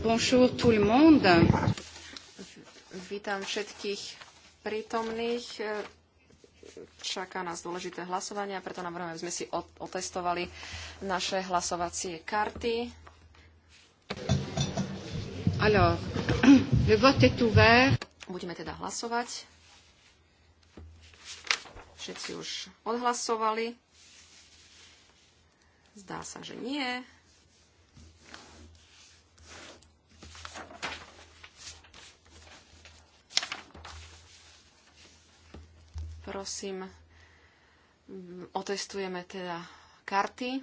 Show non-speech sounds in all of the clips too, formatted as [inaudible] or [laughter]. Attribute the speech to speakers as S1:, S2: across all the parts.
S1: Bonjour tout le monde. Vítam všetkých prítomných. Čaká nás dôležité hlasovanie a preto navrhujem, aby sme si otestovali naše hlasovacie karty. Alors, [clears throat] le vote est ouvert. Budeme teda hlasovať. Všetci už odhlasovali. Zdá sa, že nie. Prosím, otestujeme teda karty.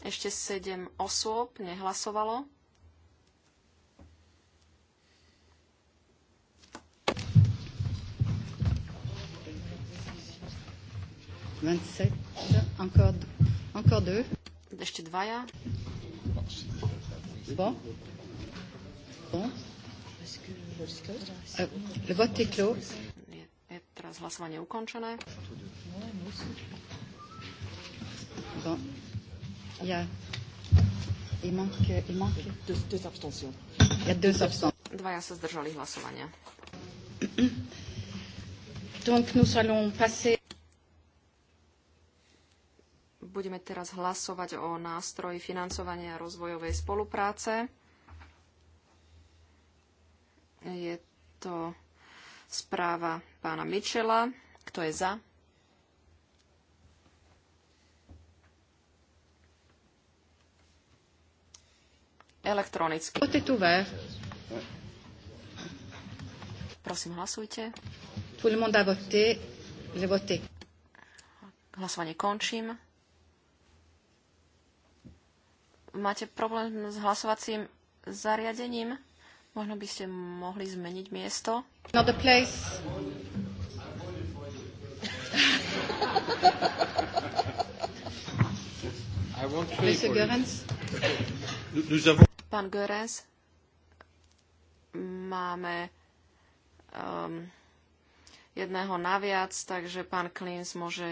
S1: Ešte sedem osôb nehlasovalo. Ešte dvaja. Bon.
S2: Le vote est clos. Euh,
S1: je teraz hlasovanie ukončené. Bon. Il, y a... il manque, il manque deux, deux abstentions. Il y a deux abstentions. Dvaja sa zdržali hlasovania. [clears throat] Donc nous allons passer budeme teraz hlasovať o nástroji financovania rozvojovej spolupráce. Je to správa pána Michela. Kto je za? Elektronicky. Prosím, hlasujte. Tout le monde a voté. J'ai voté. Hlasovanie končím. Máte problém s hlasovacím zariadením? Možno by ste mohli zmeniť miesto. place.
S2: I won't Görens.
S1: Pán Görens, máme um, jedného naviac, takže pán Klins môže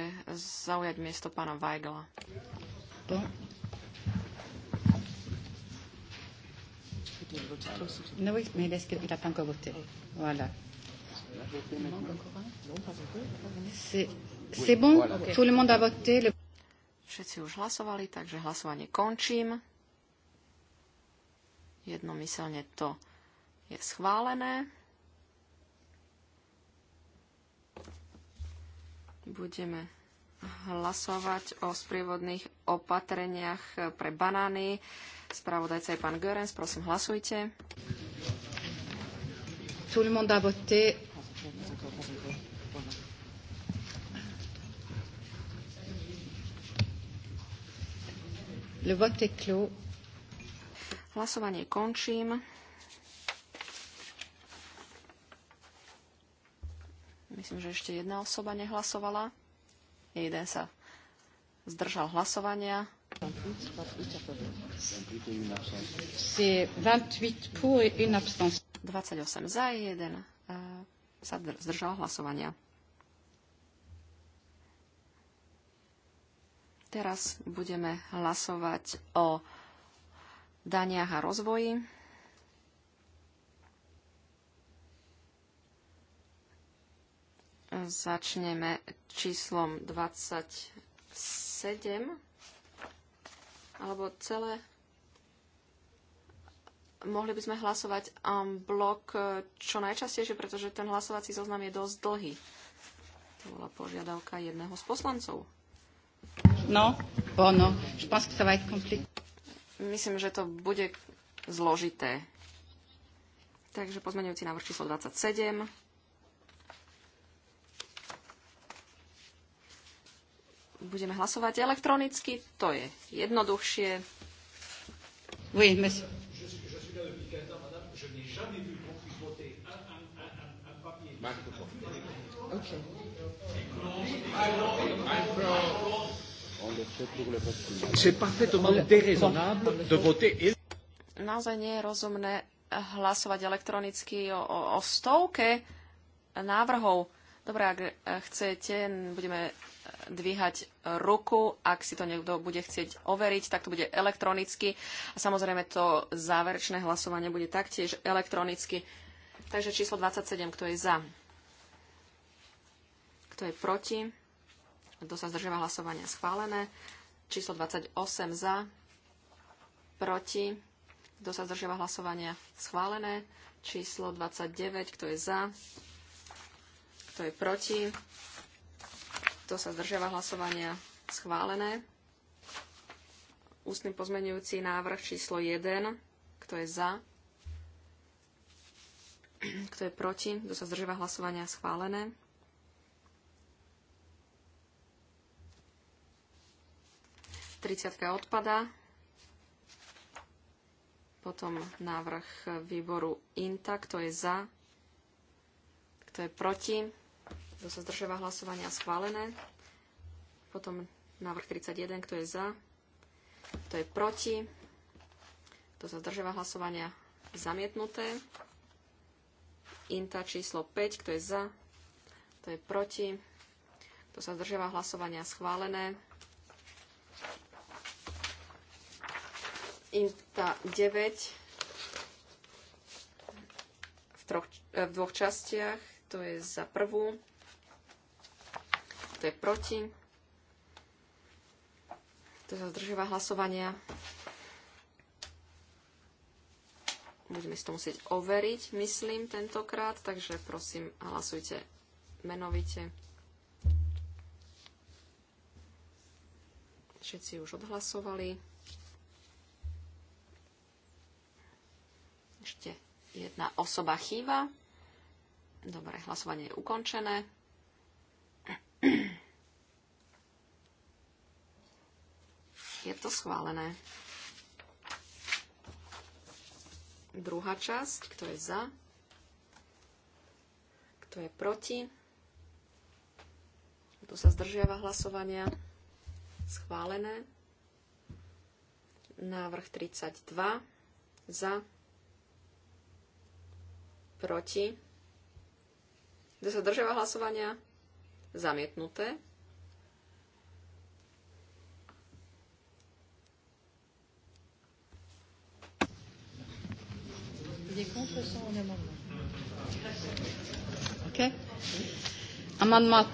S1: zaujať miesto pána Weigla. Non, oui, mais est-ce qu'il n'a pas encore voté Voilà. C'est bon okay. Tout le monde a voté le... Všetci už hlasovali, takže hlasovanie končím. Jednomyselne to je schválené. Budeme hlasovať o sprievodných opatreniach pre banány. Spravodajca je pán Görens, prosím hlasujte. Tout le monde a voté. Le vote est clos. Hlasovanie končím. Myslím, že ešte jedna osoba nehlasovala. Jeden sa zdržal hlasovania. C'est 28 28 za, 1 e, sa zdržal hlasovania. Teraz budeme hlasovať o daniach a rozvoji. Začneme číslom 27 alebo celé. Mohli by sme hlasovať um, blok eh, čo najčastejšie, pretože ten hlasovací zoznam je dosť dlhý. To bola požiadavka jedného z poslancov. No, ono, Myslím, že to bude zložité. Takže pozmeňujúci návrh číslo 27. budeme hlasovať elektronicky, to je jednoduchšie. Oui, monsieur. Naozaj nie je rozumné hlasovať elektronicky o, o, o stovke návrhov. Dobre, ak chcete, budeme dvíhať ruku. Ak si to niekto bude chcieť overiť, tak to bude elektronicky. A samozrejme to záverečné hlasovanie bude taktiež elektronicky. Takže číslo 27, kto je za? Kto je proti? Kto sa zdržiava hlasovania? Schválené. Číslo 28 za. Proti. Kto sa zdržiava hlasovania? Schválené. Číslo 29, kto je za? Kto je proti? Kto sa zdržiava hlasovania? Schválené. Ústny pozmenujúci návrh číslo 1. Kto je za? Kto je proti? Kto sa zdržiava hlasovania? Schválené. Tridsiatka odpada. Potom návrh výboru INTA. Kto je za? Kto je proti? Kto sa zdržiava hlasovania? Schválené. Potom návrh 31. Kto je za? Kto je proti? Kto sa zdržiava hlasovania? Zamietnuté. Inta číslo 5. Kto je za? Kto je proti? Kto sa zdržiava hlasovania? Schválené. Inta 9 v, troch, eh, v dvoch častiach. To je za prvú, kto je proti, kto sa zdržíva hlasovania. Budeme si to musieť overiť, myslím, tentokrát, takže prosím, hlasujte menovite. Všetci už odhlasovali. Ešte jedna osoba chýba. Dobre, hlasovanie je ukončené. Je to schválené. Druhá časť, kto je za, kto je proti, kto sa zdržiava hlasovania, schválené. Návrh 32, za, proti, kto sa zdržiava hlasovania, Zamietnuté. Des contre amendement.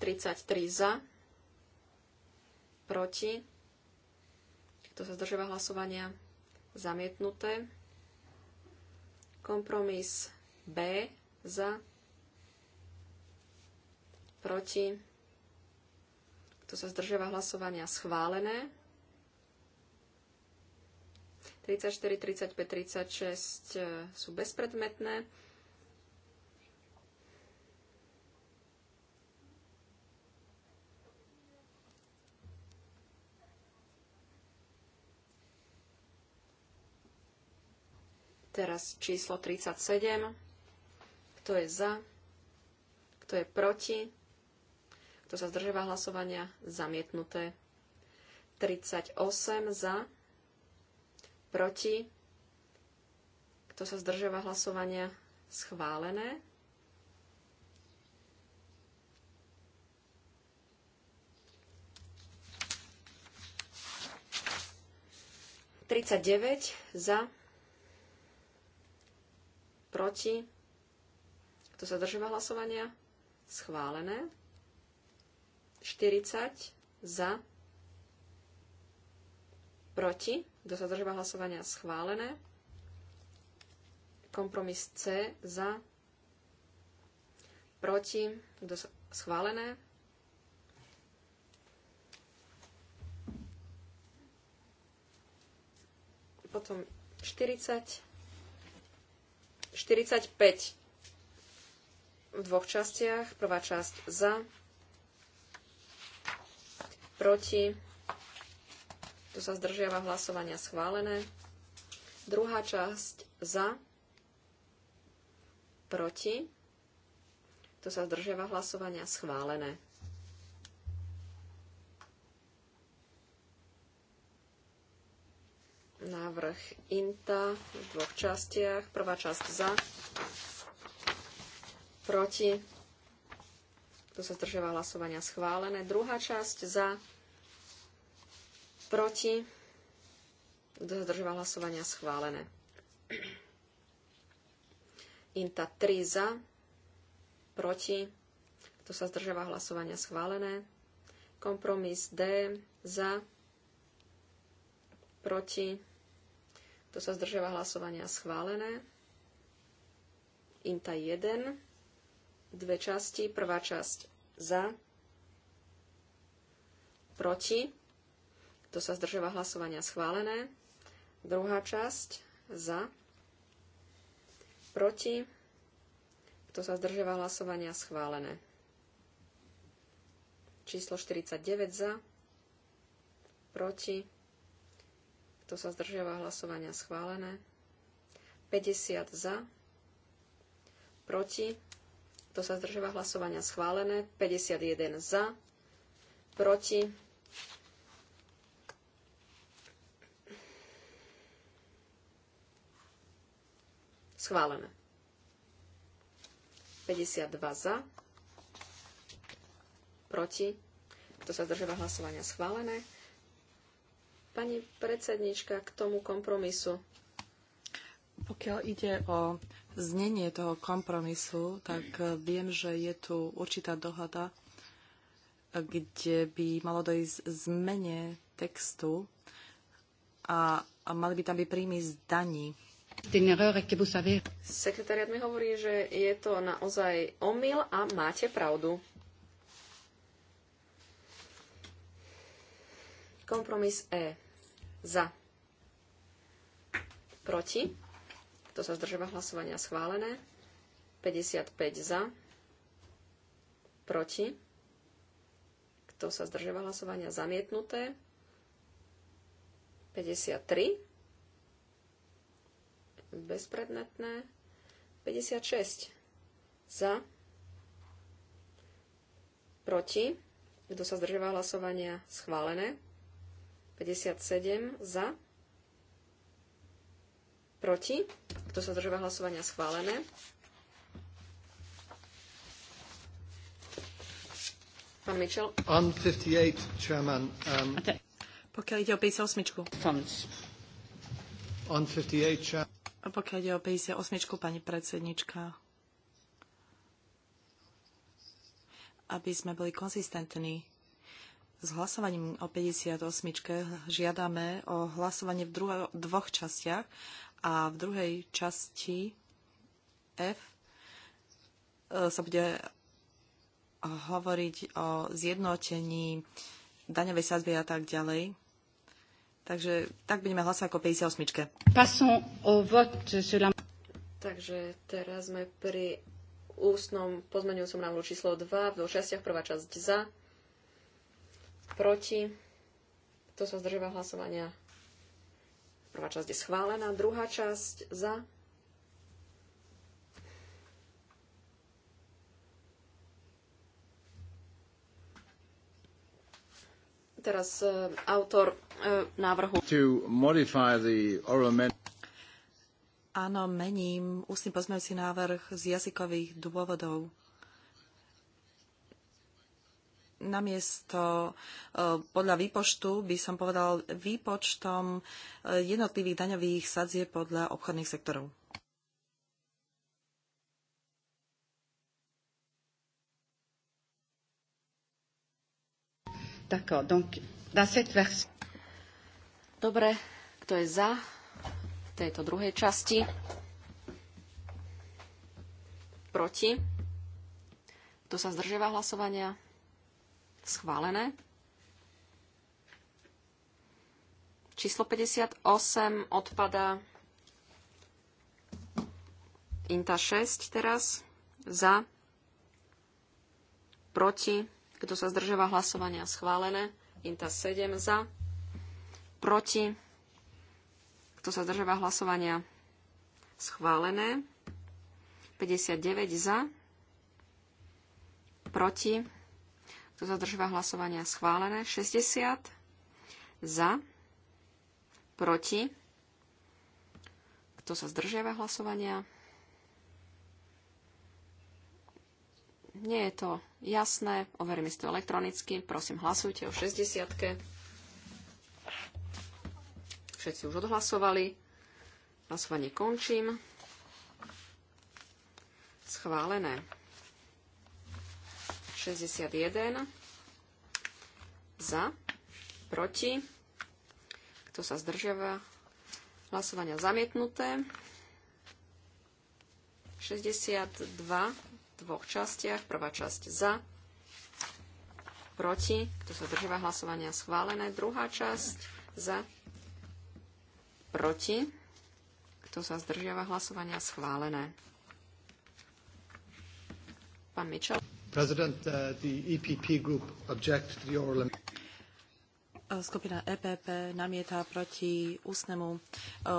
S1: 33. za. Proti. Kto sa zdržíva hlasovania? Zamietnuté. Kompromis B za proti, kto sa zdržiava hlasovania, schválené. 34, 35, 36 sú bezpredmetné. Teraz číslo 37. Kto je za? Kto je proti? Kto sa zdržiava hlasovania? Zamietnuté. 38 za. Proti. Kto sa zdržiava hlasovania? Schválené. Tridsaťdeväť za, proti, kto sa držíva hlasovania? Schválené. 40 za, proti, kto sa držíva hlasovania schválené. Kompromis C za, proti, kto sa schválené. Potom 40, 45 v dvoch častiach. Prvá časť za, proti, tu sa zdržiava hlasovania schválené. Druhá časť za, proti, tu sa zdržiava hlasovania schválené. Návrh INTA v dvoch častiach. Prvá časť za, proti, kto sa zdržiava hlasovania? Schválené. Druhá časť za. Proti. Kto sa zdržiava hlasovania? Schválené. Inta 3 za. Proti. Kto sa zdržiava hlasovania? Schválené. Kompromis D za. Proti. Kto sa zdržiava hlasovania? Schválené. Inta 1 dve časti. Prvá časť za, proti, to sa zdržava hlasovania schválené. Druhá časť za, proti, to sa zdržava hlasovania schválené. Číslo 49 za, proti, kto sa zdržiava hlasovania schválené. 50 za, proti, kto sa zdržiava hlasovania? Schválené. 51 za. Proti. Schválené. 52 za. Proti. Kto sa zdržiava hlasovania? Schválené. Pani predsednička, k tomu kompromisu.
S3: Pokiaľ ide o znenie toho kompromisu, tak eh, viem, že je tu určitá dohada, eh, kde by malo dojsť zmene textu a, a mali by tam byť príjmy z daní.
S1: Sekretariat mi hovorí, že je to naozaj omyl a máte pravdu. Kompromis E. Za. Proti kto sa zdržiava hlasovania? Schválené. 55 za. Proti. Kto sa zdržiava hlasovania? Zamietnuté. 53. Bezpredmetné. 56 za. Proti. Kto sa zdržiava hlasovania? Schválené. 57 za Proti? Kto sa zdržíva hlasovania? Schválené.
S3: Pán Mitchell. On 58, Chairman. Um, te, Pokiaľ ide o 58. Funds. On 58, Chairman. A pokiaľ ide o 58, pani predsednička, aby sme boli konzistentní, s hlasovaním o 58. žiadame o hlasovanie v druho- dvoch častiach a v druhej časti F e, sa bude hovoriť o zjednotení daňovej sadzby a tak ďalej. Takže tak budeme hlasovať ako 58.
S1: Takže teraz sme pri ústnom pozmeňujúcom návrhu číslo 2 v dvoch častiach. Prvá časť za, proti, kto sa zdržíva hlasovania. Prvá časť je schválená, druhá časť za, teraz
S3: e, autor e, návrhu. Áno, mením ústny pozmeňujúci návrh z jazykových dôvodov namiesto e, podľa výpočtu by som povedal výpočtom e, jednotlivých daňových sadzie podľa obchodných sektorov.
S1: Dobre, kto je za v tejto druhej časti? Proti? Kto sa zdržiava hlasovania? Schválené. Číslo 58 odpada Inta 6 teraz za, proti, kto sa zdržava hlasovania schválené, Inta 7 za, proti, kto sa zdržava hlasovania schválené, 59 za, proti, kto sa zdržíva hlasovania? Schválené. 60 za. Proti. Kto sa zdržiava hlasovania? Nie je to jasné. Overím si to elektronicky. Prosím, hlasujte o 60. Všetci už odhlasovali. Hlasovanie končím. Schválené. 61 za, proti, kto sa zdržiava, hlasovania zamietnuté, 62 v dvoch častiach, prvá časť za, proti, kto sa zdržiava hlasovania schválené, druhá časť za, proti, kto sa zdržiava hlasovania schválené. Pán Mičel.
S2: President, uh, the EPP group object to the oral uh,
S3: Skupina EPP namieta proti ústnemu uh,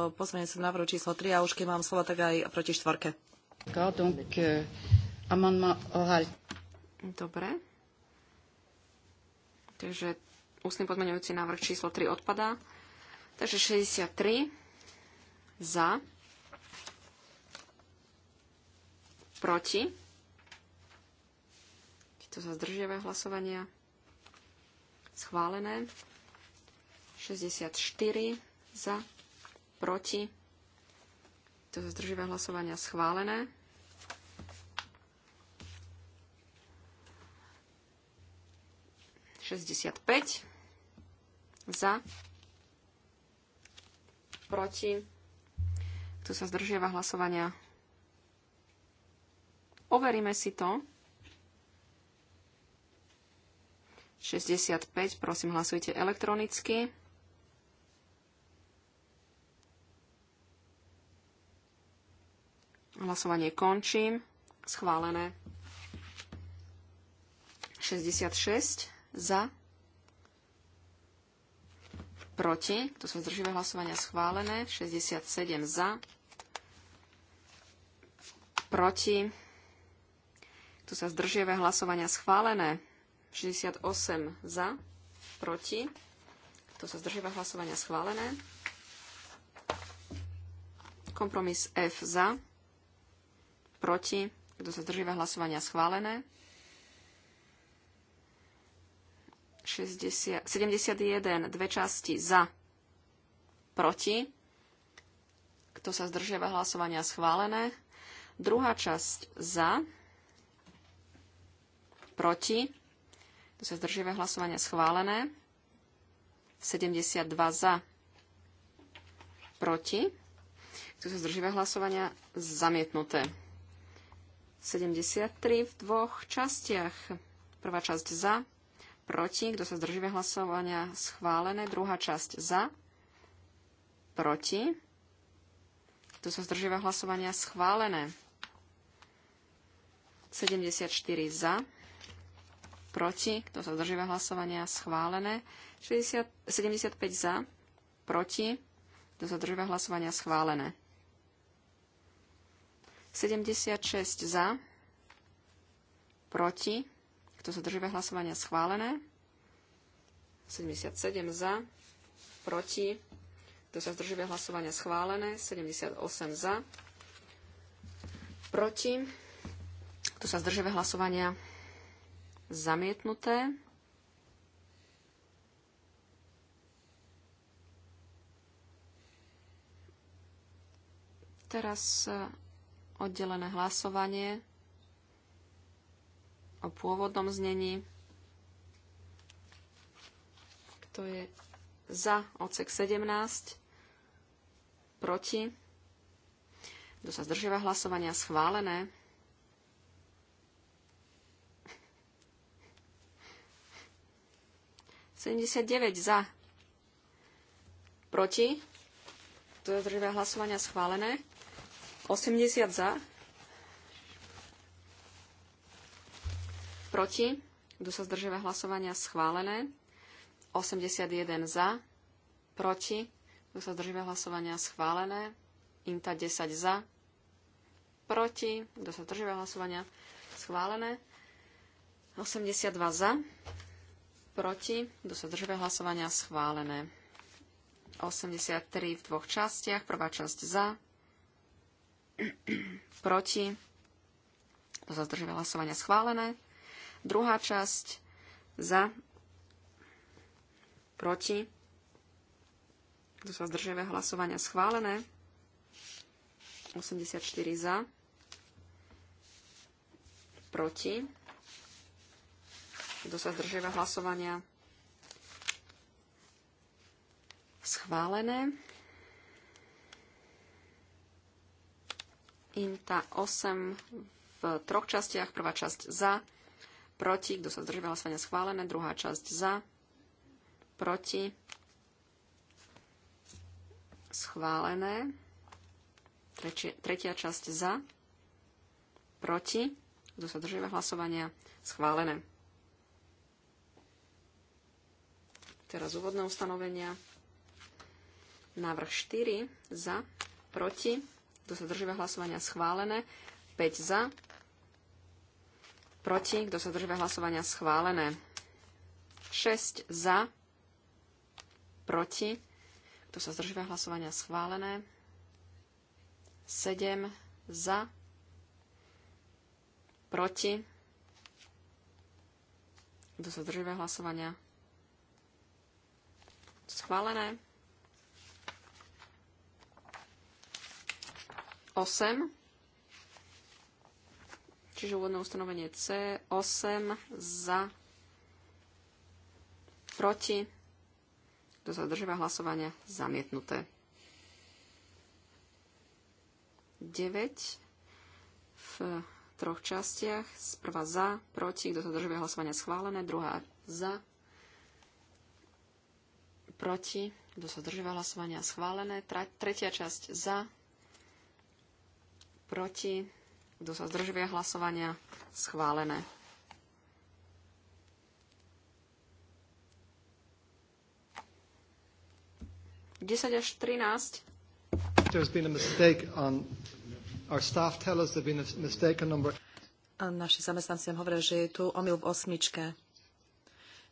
S3: pozmeňujúcemu návrhu číslo 3 a už keď mám slovo, tak aj proti štvorke.
S1: Uh, Dobre.
S3: Takže ústny
S1: pozmeňujúci návrh číslo 3 odpadá. Takže 63 za, proti kto sa zdržiava hlasovania? Schválené. 64 za, proti. Kto sa zdržiava hlasovania? Schválené. Šesťdesiatpäť za, proti. Tu sa zdržiava hlasovania? Overíme si to. 65, prosím, hlasujte elektronicky. Hlasovanie končím. Schválené. 66 za. Proti. To sa zdržíva hlasovania schválené. 67 za. Proti. Tu sa zdržieve hlasovania schválené. 68 za, proti. Kto sa zdržíva hlasovania schválené. Kompromis F za, proti. Kto sa zdržíva hlasovania schválené. 60, 71, dve časti za, proti. Kto sa zdržiava hlasovania schválené. Druhá časť za, proti. To sa zdržíva hlasovania schválené. 72 za. Proti. Kto sa zdržíva hlasovania zamietnuté. 73 v dvoch častiach. Prvá časť za, proti. Kto sa zdržíva hlasovania schválené. Druhá časť za, proti. Kto sa zdržíva hlasovania schválené. 74 za proti, kto sa zdržíva hlasovania, schválené. 60, 75 za, proti, kto sa zdržíva hlasovania, schválené. 76 za, proti, kto sa zdržíva hlasovania, schválené. 77 za, proti, kto sa zdržíva hlasovania, schválené. 78 za, proti, kto sa zdržíva hlasovania, zamietnuté. Teraz e, oddelené hlasovanie o pôvodnom znení. Kto je za odsek 17? Proti? Kto sa zdržiava hlasovania? Schválené. 79 za. Proti. Zdržia hlasovania schválené. 80 za. Proti. Kto sa zdržiava hlasovania schválené. 81 za. Proti. Kto sa zdržiava hlasovania schválené. Inta 10 za. Proti. Kto sa zdržiava hlasovania schválené. 82 za proti, kto sa držia hlasovania, schválené. 83 v dvoch častiach, prvá časť za, [clears throat] proti, kto sa zdržuje hlasovania, schválené. Druhá časť za, proti, kto sa zdržuje hlasovania, schválené. 84 za, proti, kto sa zdržiava hlasovania? Schválené. Inta 8 v troch častiach. Prvá časť za, proti. Kto sa zdržiava hlasovania? Schválené. Druhá časť za, proti. Schválené. Tretia, tretia časť za, proti. Kto sa zdržiava hlasovania? Schválené. Teraz úvodné ustanovenia. Návrh 4 za, proti, kto sa drží hlasovania schválené, 5 za, proti, kto sa drží hlasovania schválené, 6 za, proti, kto sa zdržíva hlasovania schválené, 7 za, proti, kto sa zdržíva hlasovania Schválené. 8. Čiže úvodné ustanovenie C. 8 za. Proti. Kto sa zdržíva hlasovania? Zamietnuté. 9 v troch častiach. Prvá za, proti, kto sa zdržuje hlasovania schválené, druhá za, proti, kto sa zdržíva hlasovania, schválené. Tretia časť za, proti, kto sa zdržuje hlasovania? Schválené. Desať až trinásť.
S2: There's been a mistake on our staff tell us there's been a mistake on number.
S3: naši zamestnanci nám hovoria, že je tu omyl v osmičke.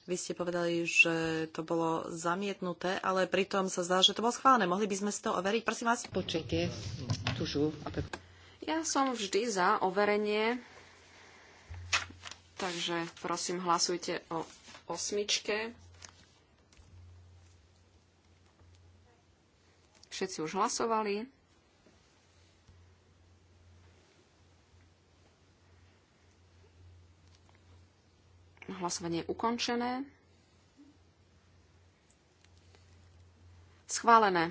S3: Vy ste povedali, že to bolo zamietnuté, ale pritom sa zdá, že to bolo schválené. Mohli by sme si to overiť? Prosím vás. Počujte, tužu.
S1: Ja som vždy za overenie, takže prosím hlasujte o osmičke. Všetci už hlasovali. Hlasovanie je ukončené. Schválené.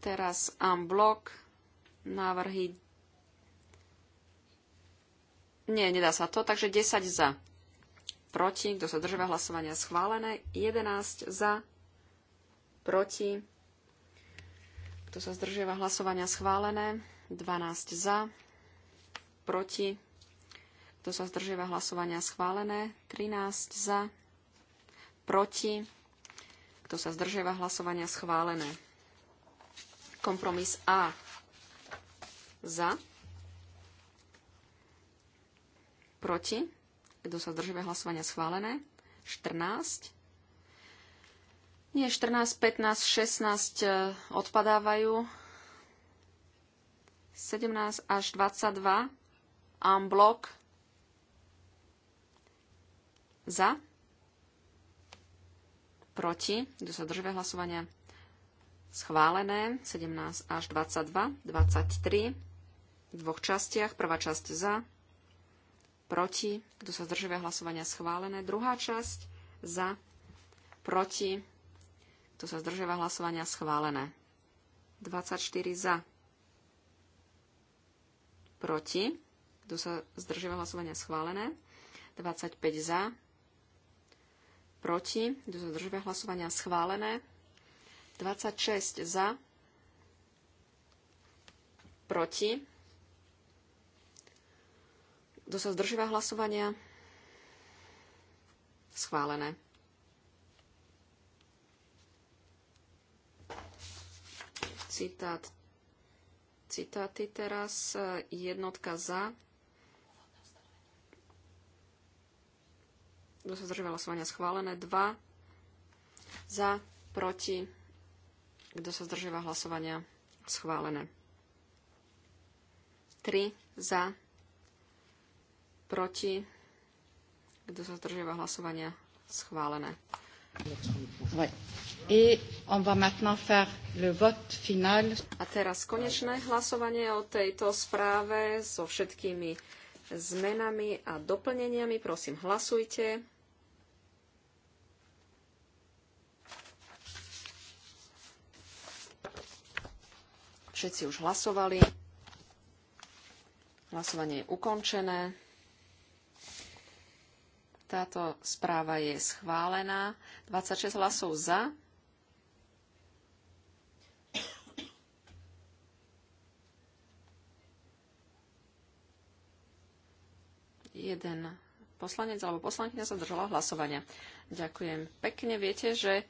S1: Teraz en blok návrhy. Nie, nedá sa to, takže 10 za. Proti, kto sa držia hlasovania schválené, 11 za, proti, kto sa zdržiava hlasovania schválené? 12 za. Proti. Kto sa zdržiava hlasovania schválené? 13 za. Proti. Kto sa zdržiava hlasovania schválené? Kompromis A. Za. Proti. Kto sa zdržiava hlasovania schválené? 14 nie, 14, 15, 16 odpadávajú. 17 až 22 unblock za proti, kto sa držia hlasovania schválené, 17 až 22, 23 v dvoch častiach, prvá časť za, proti, kto sa zdržia hlasovania schválené, druhá časť za, proti, kto sa zdržiava hlasovania? Schválené. 24 za. Proti. Kto sa zdržiava hlasovania? Schválené. 25 za. Proti. Kto sa zdržiava hlasovania? Schválené. 26 za. Proti. Kto sa zdržiava hlasovania? Schválené. citát. Citáty teraz. Jednotka za. Kto sa zdržal hlasovania? Schválené. 2. Za. Proti. Kto sa zdržíva hlasovania? Schválené. 3. Za. Proti. Kto sa zdržíva hlasovania? Schválené. Ouais. Et on va maintenant faire le vote final. A teraz konečné hlasovanie o tejto správe so všetkými zmenami a doplneniami. Prosím, hlasujte. Všetci už hlasovali. Hlasovanie je ukončené. Táto správa je schválená. 26 hlasov za, Jeden poslanec alebo poslankyňa sa držala hlasovania. Ďakujem pekne. Viete, že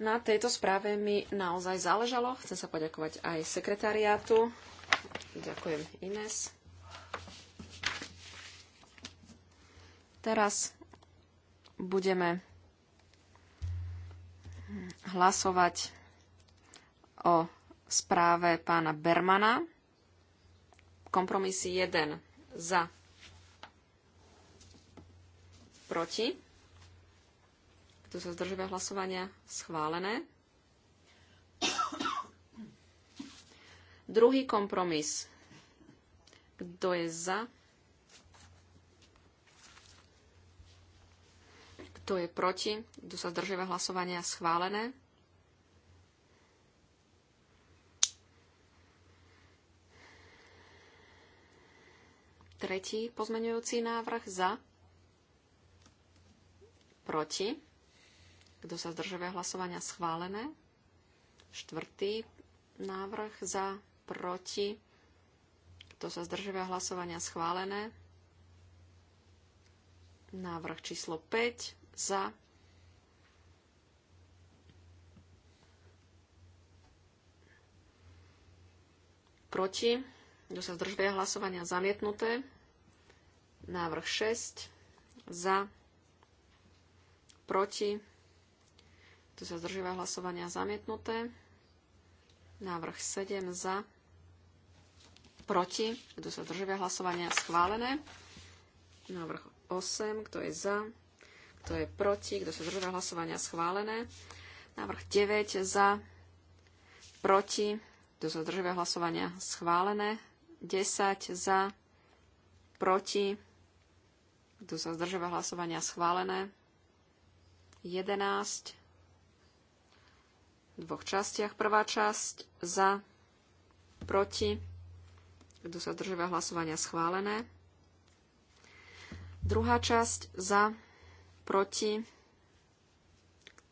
S1: na tejto správe mi naozaj záležalo. Chcem sa poďakovať aj sekretariátu. Ďakujem Ines. Teraz budeme hlasovať o správe pána Bermana. Kompromisy 1 za Proti? Kto sa zdržuje hlasovania? Schválené. Druhý kompromis. Kto je za? Kto je proti? Kto sa zdržuje hlasovania? Schválené. Tretí pozmeňujúci návrh za. Proti. Kto sa zdržuje hlasovania? Schválené. Štvrtý návrh za. Proti. Kto sa zdržuje hlasovania? Schválené. Návrh číslo 5 za. Proti. Kto sa zdržuje hlasovania? Zamietnuté. Návrh 6 za proti, tu sa zdržíva hlasovania zamietnuté, návrh 7 za, proti, Tu sa zdržíva hlasovania schválené, návrh 8, kto je za, kto je proti, kto sa zdržíva hlasovania schválené, návrh 9 za, proti, kto sa zdržíva hlasovania schválené, 10 za, proti, kto sa zdržíva hlasovania schválené, 11 v dvoch častiach. Prvá časť za, proti, kto sa zdržíva hlasovania schválené. Druhá časť za, proti,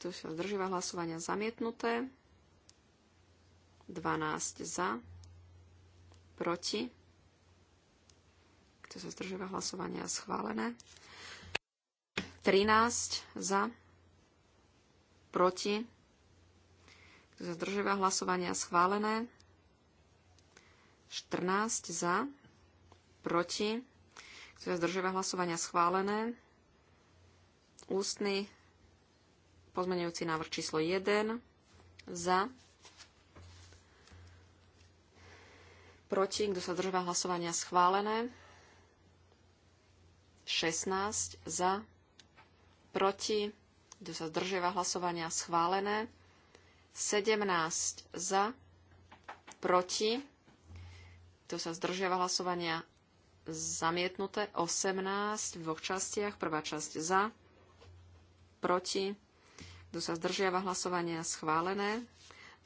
S1: kto sa zdržíva hlasovania zamietnuté. 12 za, proti, kto sa zdržíva hlasovania schválené. 13 za, proti, kto sa zdržiava hlasovania schválené, 14 za, proti, kto sa zdržiava hlasovania schválené, ústny pozmenujúci návrh číslo 1 za, proti, kto sa zdržiava hlasovania schválené, 16 za, proti, kto sa zdržiava hlasovania, schválené. 17 za, proti, kto sa zdržiava hlasovania, zamietnuté. 18 v dvoch častiach, prvá časť za, proti, kto sa zdržiava hlasovania, schválené.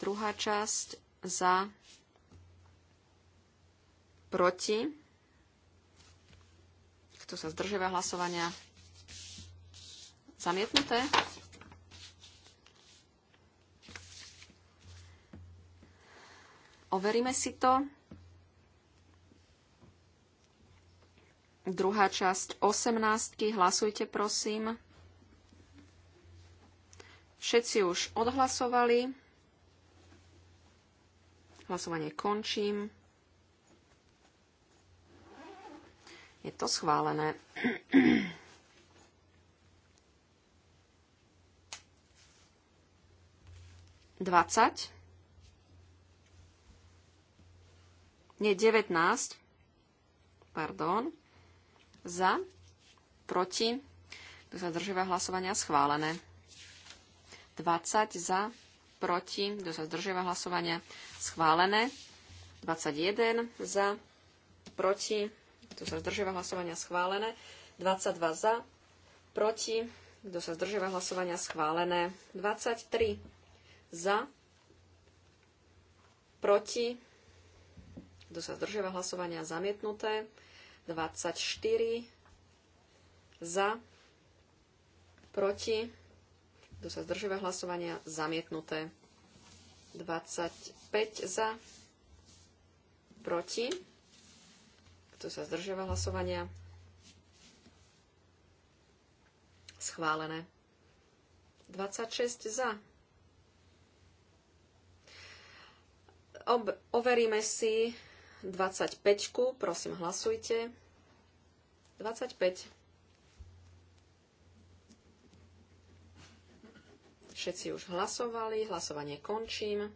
S1: Druhá časť za, proti, kto sa zdržiava hlasovania, Zamietnuté. Overíme si to. Druhá časť 18. Hlasujte, prosím. Všetci už odhlasovali. Hlasovanie končím. Je to schválené. [clears throat] 20. Nie, 19. Pardon. Za. Proti. Tu sa zdržíva hlasovania schválené. 20 za. Proti. kto sa zdržíva hlasovania schválené. 21 za. Proti. kto sa zdržíva hlasovania schválené. 22 za. Proti. Kto sa zdržíva hlasovania schválené? 23 za, proti, kto sa zdržiava hlasovania, zamietnuté, 24 za, proti, kto sa zdržiava hlasovania, zamietnuté, 25 za, proti, kto sa zdržiava hlasovania, schválené. 26 za, Ob- overíme si 25. Prosím, hlasujte. 25. Všetci už hlasovali, hlasovanie končím.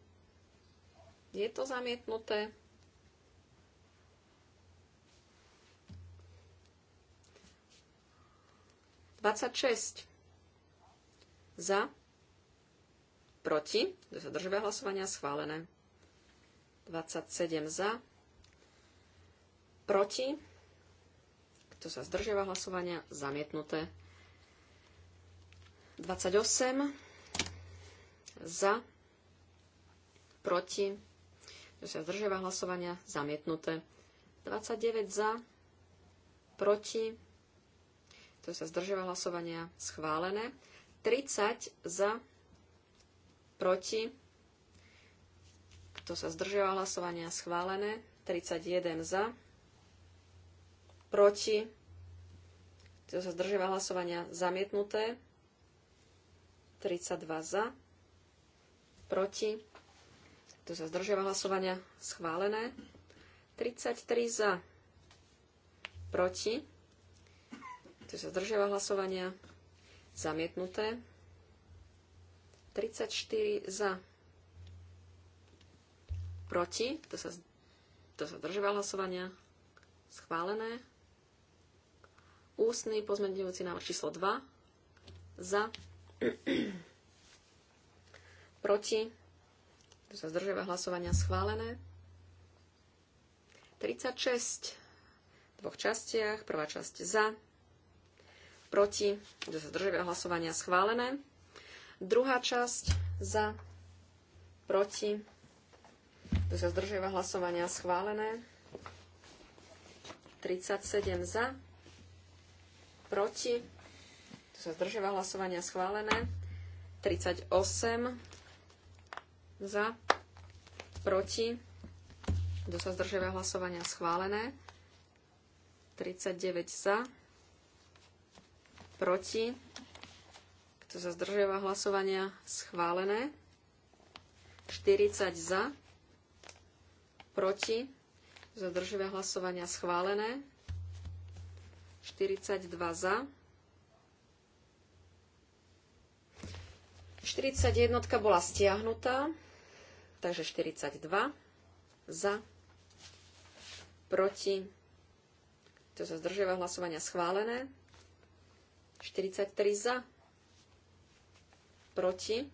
S1: Je to zamietnuté. Dvadsaťšesť. Za. Proti. Zdržové hlasovania schválené. 27 za, proti, kto sa zdržiava hlasovania, zamietnuté. 28 za, proti, kto sa zdržiava hlasovania, zamietnuté. 29 za, proti, kto sa zdržiava hlasovania, schválené. 30 za, proti, kto sa zdržiava hlasovania? Schválené. 31 za. Proti. Kto sa zdržiava hlasovania? Zamietnuté. 32 za. Proti. Kto sa zdržiava hlasovania? Schválené. 33 za. Proti. Kto sa zdržiava hlasovania? Zamietnuté. 34 za Proti? Kto sa, kto sa zdržoval hlasovania? Schválené. Ústny pozmeňujúci návrh číslo 2. Za. Proti. Kto sa zdržiava hlasovania? Schválené. 36. V dvoch častiach. Prvá časť za. Proti. Kto sa zdržiava hlasovania? Schválené. Druhá časť za. Proti kto sa zdržiava hlasovania? Schválené. 37 za. Proti. Kto sa zdržiava hlasovania? Schválené. 38 za. Proti. Kto sa zdržiava hlasovania? Schválené. 39 za. Proti. Kto sa zdržiava hlasovania? Schválené. 40 za proti, zadržuje hlasovania schválené, 42 za, 41 bola stiahnutá, takže 42 za, proti, to sa zdržiava hlasovania schválené, 43 za, proti,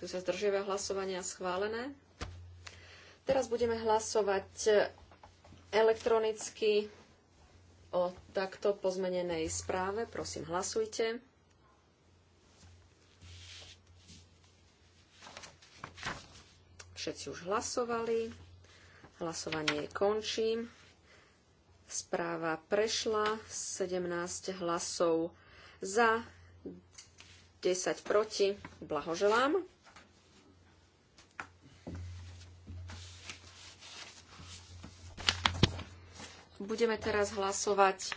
S1: tu sa zdržiava hlasovania schválené, Teraz budeme hlasovať eh, elektronicky o takto pozmenenej správe. Prosím, hlasujte. Všetci už hlasovali. Hlasovanie končím. Správa prešla. 17 hlasov za, 10 proti. Blahoželám. Budeme teraz hlasovať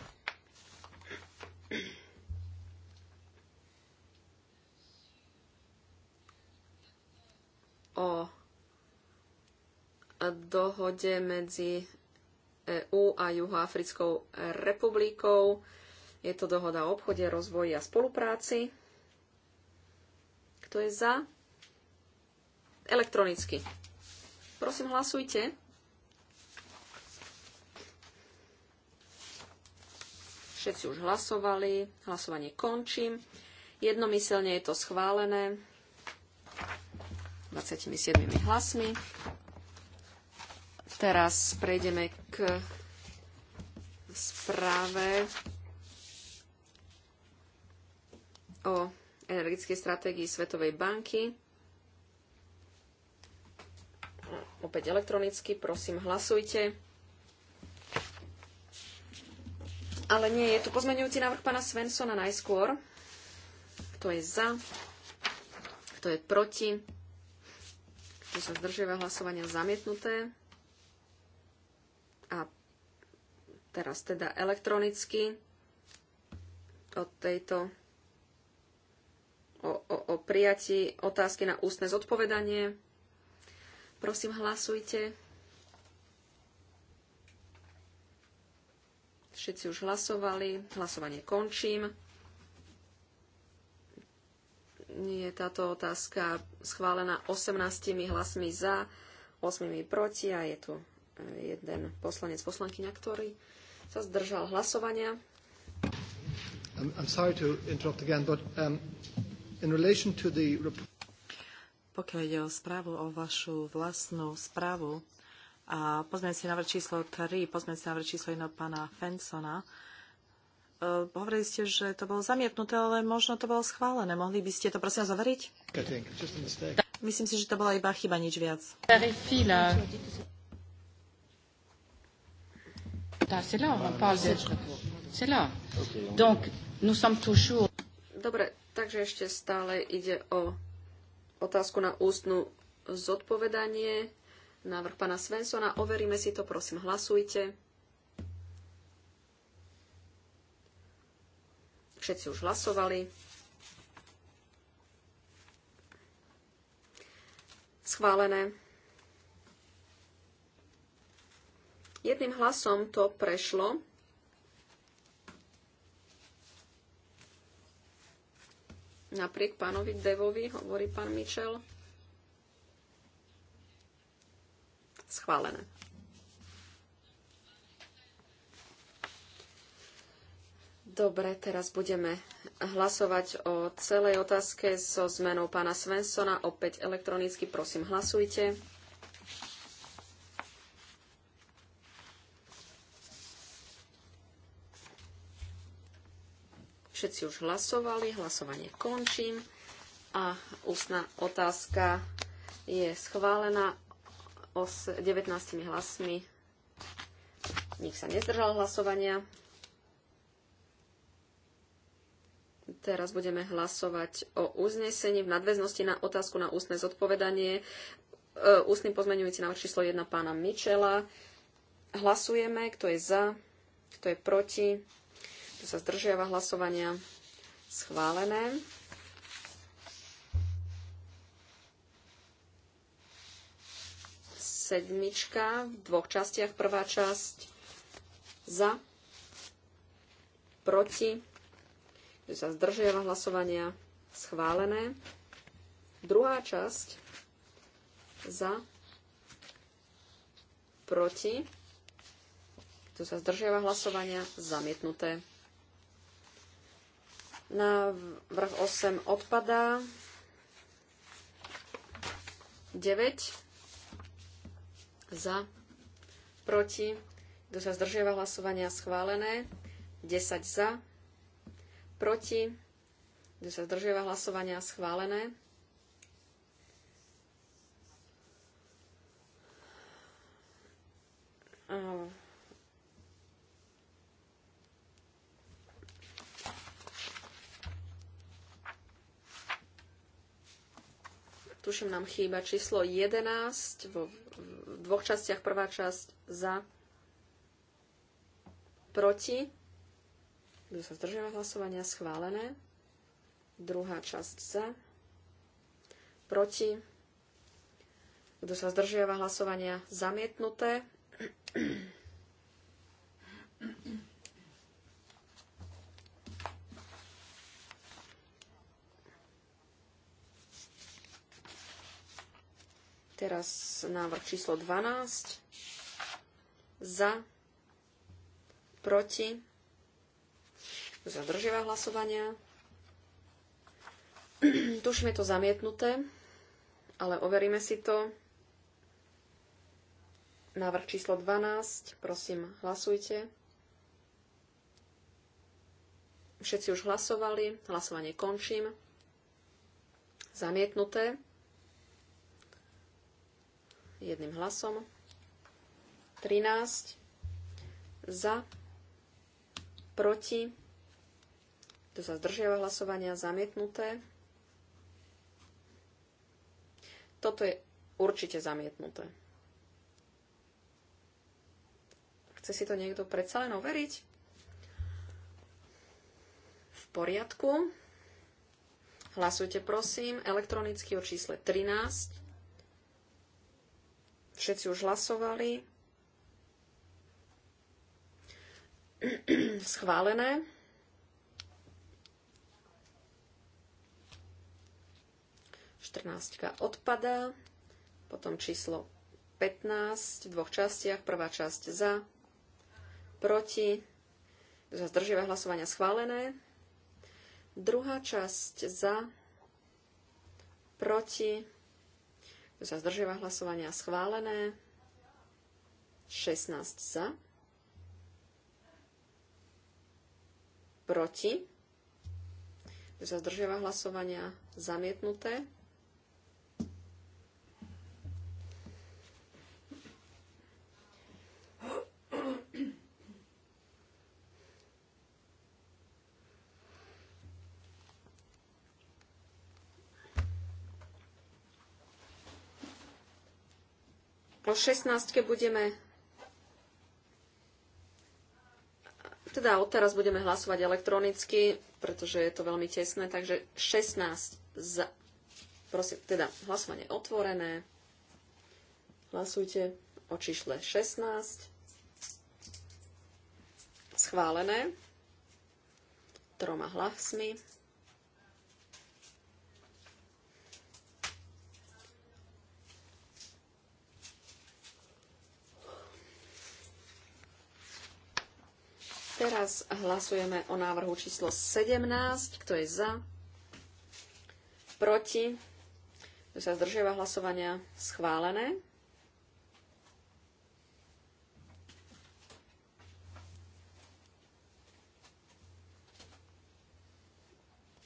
S1: o dohode medzi EÚ a Juhoafrickou republikou. Je to dohoda o obchode, rozvoji a spolupráci. Kto je za? Elektronicky. Prosím, hlasujte. Všetci už hlasovali. Hlasovanie končím. Jednomyselne je to schválené 27 hlasmi. Teraz prejdeme k správe o energetickej stratégii Svetovej banky. Opäť elektronicky, prosím, hlasujte. Ale nie, je tu pozmeňujúci návrh pána Svensona najskôr. Kto je za? Kto je proti? Kto sa zdržuje hlasovania zamietnuté? A teraz teda elektronicky od tejto o, o, o prijatí otázky na ústne zodpovedanie. Prosím, hlasujte. Všetci už hlasovali. Hlasovanie končím. Je táto otázka schválená 18 hlasmi za, 8 proti a je tu jeden poslanec, poslankyňa, ktorý sa
S3: zdržal hlasovania.
S2: I'm, sorry to interrupt again, but um, in relation to the
S3: pokiaľ ide o správu, o vašu vlastnú správu, a pozmeň si návrh číslo 3, pozmeň si návrh číslo 1 pána Fensona. Uh, hovorili ste, že to bolo zamietnuté, ale možno to bolo schválené. Mohli by ste to prosím zaveriť? Myslím si, že to bola iba chyba, nič viac.
S1: Dobre, takže ešte stále ide o otázku na ústnu zodpovedanie návrh pána Svensona. Overíme si to, prosím, hlasujte. Všetci už hlasovali. Schválené. Jedným hlasom to prešlo. Napriek pánovi Devovi, hovorí pán Mičel. Schválené. Dobre, teraz budeme hlasovať o celej otázke so zmenou pána Svensona. Opäť elektronicky, prosím, hlasujte. Všetci už hlasovali, hlasovanie končím a ústna otázka je schválená 19 hlasmi. Nik sa nezdržal hlasovania. Teraz budeme hlasovať o uznesení v nadväznosti na otázku na ústne zodpovedanie. E, ústny pozmeňujúci návrh číslo 1 pána Mičela. Hlasujeme, kto je za, kto je proti, kto sa zdržiava hlasovania. Schválené. v dvoch častiach. Prvá časť za, proti, že sa zdržiava hlasovania, schválené. Druhá časť za, proti, tu sa zdržiava hlasovania, zamietnuté. Na vrch 8 odpadá. 9 za, proti, kto sa zdržiava hlasovania schválené, 10 za, proti, kto sa zdržiava hlasovania schválené. tuším, nám chýba číslo 11 vo v dvoch častiach. Prvá časť za, proti, kto sa zdržiava hlasovania, schválené. Druhá časť za, proti, kto sa zdržiava hlasovania, zamietnuté. Teraz návrh číslo 12. Za, proti, zadržiava hlasovania. [clears throat] Tuším, je to zamietnuté, ale overíme si to. Návrh číslo 12, prosím, hlasujte. Všetci už hlasovali, hlasovanie končím. Zamietnuté jedným hlasom. 13 za, proti, kto sa zdržiava hlasovania, zamietnuté. Toto je určite zamietnuté. Chce si to niekto predsa len overiť? V poriadku. Hlasujte prosím elektronicky o čísle 13. Všetci už hlasovali. [clears throat] Schválené. Štrnáctka odpadá. Potom číslo 15 v dvoch častiach. Prvá časť za, proti, zdržiava hlasovania schválené. Druhá časť za, proti, kto sa zdržiava hlasovania? Schválené. 16 za. Proti. Kto sa zdržiava hlasovania? Zamietnuté. O 16. budeme teda odteraz budeme hlasovať elektronicky, pretože je to veľmi tesné, takže 16 za. Prosím, teda hlasovanie otvorené. Hlasujte o čísle 16. Schválené. Troma hlasmi. Teraz hlasujeme o návrhu číslo 17. Kto je za? Proti? Kto sa zdržiava hlasovania? Schválené.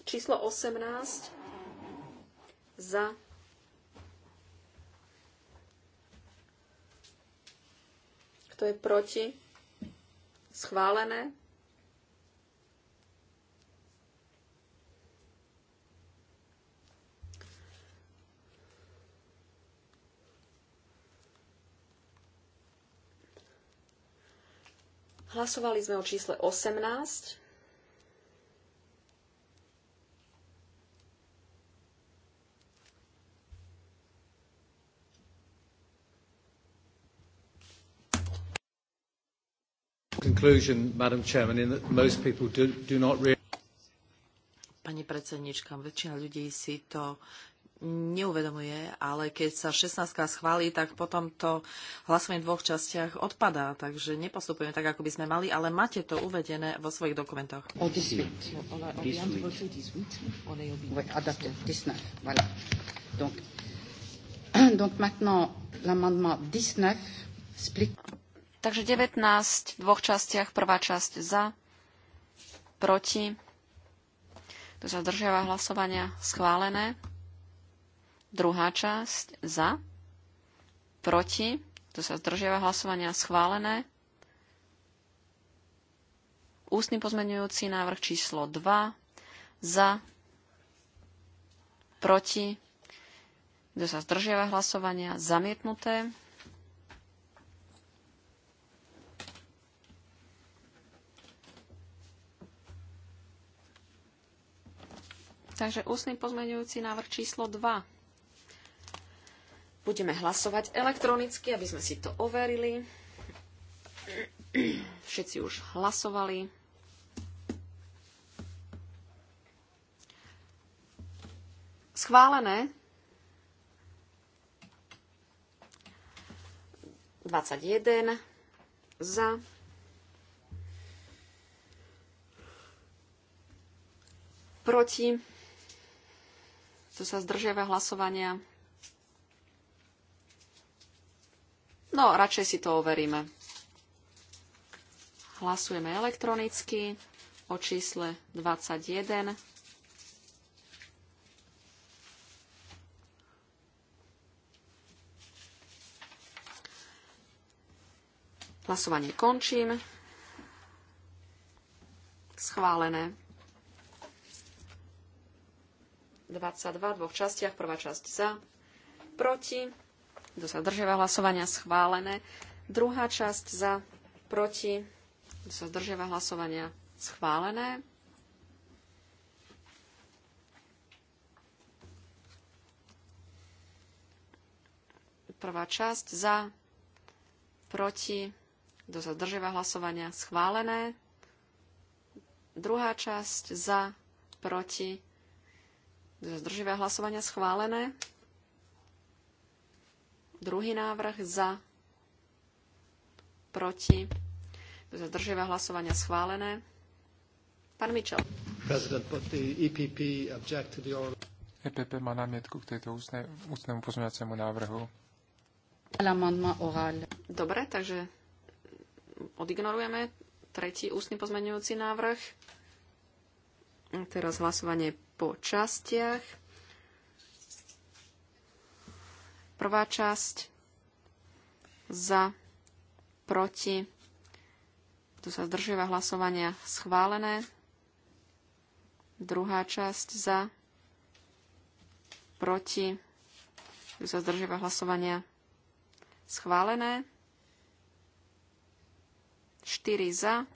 S1: Číslo 18. Za. Kto je proti? Schválené. Hlasovali sme o čísle 18.
S2: conclusion, Madam Chairman, in that most people do, do not really...
S3: Pani predsednička, väčšina ľudí si to neuvedomuje, ale keď sa 16 schválí, tak potom to hlasovanie v dvoch častiach odpadá, takže nepostupujeme tak, ako by sme mali, ale máte to uvedené vo svojich dokumentoch. Oh, no,
S1: [clears throat] donc, maintenant l'amendement 19 Takže 19 v dvoch častiach. Prvá časť za, proti, kto sa zdržiava hlasovania, schválené. Druhá časť za, proti, to sa zdržiava hlasovania, schválené. Ústny pozmenujúci návrh číslo 2 za, proti, kto sa zdržiava hlasovania, zamietnuté. Takže ústny pozmeňujúci návrh číslo 2. Budeme hlasovať elektronicky, aby sme si to overili. Všetci už hlasovali. Schválené. 21 za. Proti. Kto sa zdržiava hlasovania? No, radšej si to overíme. Hlasujeme elektronicky o čísle 21. Hlasovanie končím. Schválené. 22 v dvoch častiach. Prvá časť za, proti, kto sa zdržiava hlasovania, schválené. Druhá časť za, proti, kto sa zdržiava hlasovania, schválené. Prvá časť za, proti, kto sa zdržiava hlasovania, schválené. Druhá časť za, proti, zdrživé hlasovania schválené. Druhý návrh za, proti, zdrživé hlasovania schválené. Pán Mitchell.
S2: EPP e e má námietku k tejto ústne, ústnemu pozmeňacému návrhu.
S1: Dobre, takže odignorujeme tretí ústny pozmeňujúci návrh. Teraz hlasovanie po častiach. Prvá časť za, proti. Tu sa zdržieva hlasovania schválené. Druhá časť za, proti. Tu sa zdržieva hlasovania schválené. 4 za,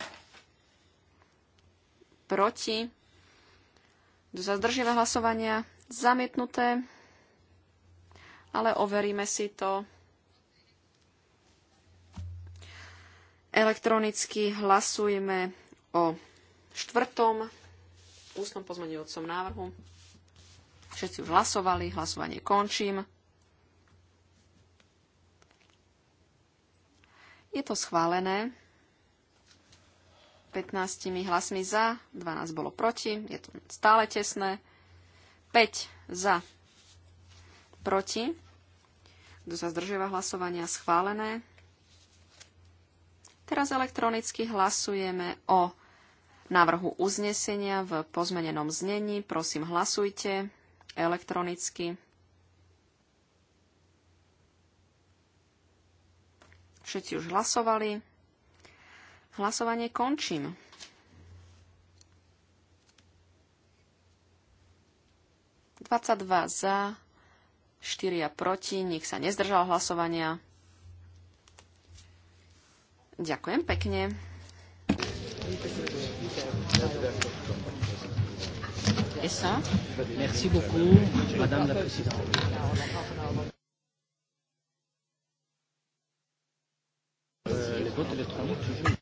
S1: proti kto sa zdržiava hlasovania? Zamietnuté. Ale overíme si to. Elektronicky hlasujeme o štvrtom ústnom pozmeňujúcom návrhu. Všetci už hlasovali, hlasovanie končím. Je to schválené. 15 hlasmi za, 12 bolo proti, je to stále tesné. 5 za, proti. Kto sa zdržiava hlasovania, schválené. Teraz elektronicky hlasujeme o návrhu uznesenia v pozmenenom znení. Prosím, hlasujte elektronicky. Všetci už hlasovali. Hlasovanie končím. Dvadsaťdva za, štyria proti, nech sa nezdržal hlasovania. Ďakujem pekne. Merci beaucoup, Madame la Présidente.
S2: Euh, toujours.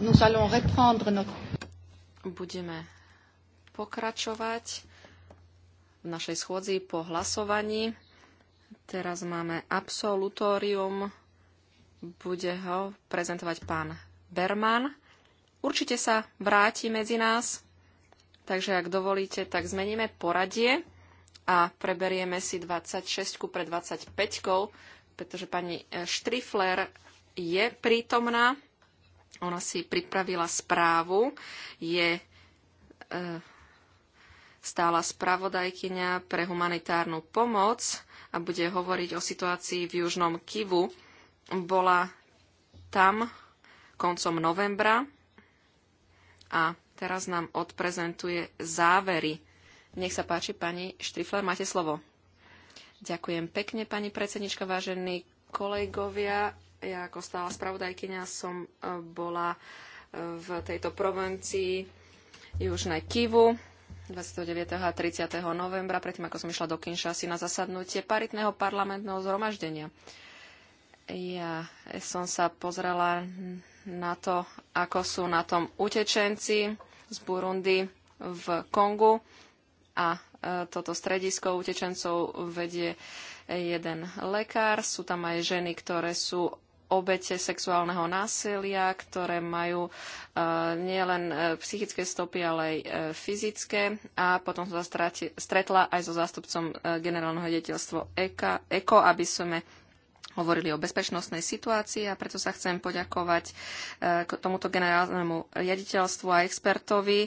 S2: Nous
S1: allons reprendre notre... Budeme pokračovať v našej schôdzi po hlasovaní. Teraz máme absolutórium. Bude ho prezentovať pán Berman. Určite sa vráti medzi nás, takže ak dovolíte, tak zmeníme poradie a preberieme si 26 pre 25, pretože pani Štrifler je prítomná. Ona si pripravila správu, je e, stála spravodajkyňa pre humanitárnu pomoc a bude hovoriť o situácii v Južnom Kivu. Bola tam koncom novembra a teraz nám odprezentuje závery. Nech sa páči, pani Štrifler, máte slovo. Ďakujem pekne, pani predsednička, vážení kolegovia ja ako stála spravodajkyňa som e, bola e, v tejto provencii Južnej Kivu 29. a 30. novembra, predtým ako som išla do Kinshasy na zasadnutie paritného parlamentného zhromaždenia. Ja som sa pozrela na to, ako sú na tom utečenci z Burundi v Kongu a e, toto stredisko utečencov vedie jeden lekár. Sú tam aj ženy, ktoré sú obete sexuálneho násilia, ktoré majú e, nielen e, psychické stopy, ale aj e, fyzické. A potom som sa stretla aj so zástupcom generálneho dediteľstva ECO, aby sme hovorili o bezpečnostnej situácii a preto sa chcem poďakovať tomuto generálnemu riaditeľstvu a expertovi,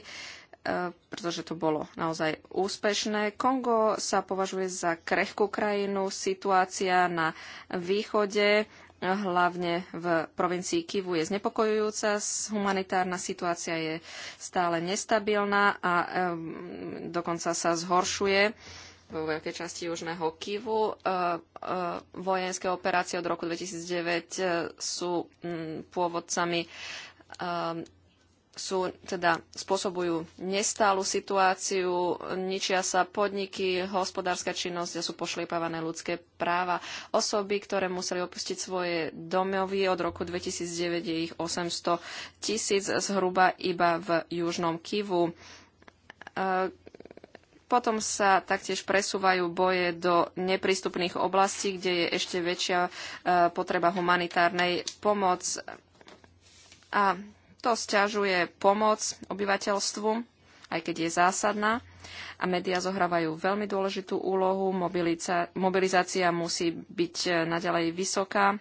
S1: pretože to bolo naozaj úspešné. Kongo sa považuje za krehkú krajinu, situácia na východe hlavne v provincii Kivu, je znepokojujúca. Humanitárna situácia je stále nestabilná a um, dokonca sa zhoršuje vo veľkej časti južného Kivu. E, e, vojenské operácie od roku 2009 e, sú pôvodcami sú, teda spôsobujú nestálu situáciu, ničia sa podniky, hospodárska činnosť a sú pošliepávané ľudské práva. Osoby, ktoré museli opustiť svoje domovy od roku 2009 je ich 800 tisíc, zhruba iba v južnom Kivu. E, potom sa taktiež presúvajú boje do neprístupných oblastí, kde je ešte väčšia e, potreba humanitárnej pomoc. A to sťažuje pomoc obyvateľstvu, aj keď je zásadná. A médiá zohrávajú veľmi dôležitú úlohu. mobilizácia musí byť eh, naďalej vysoká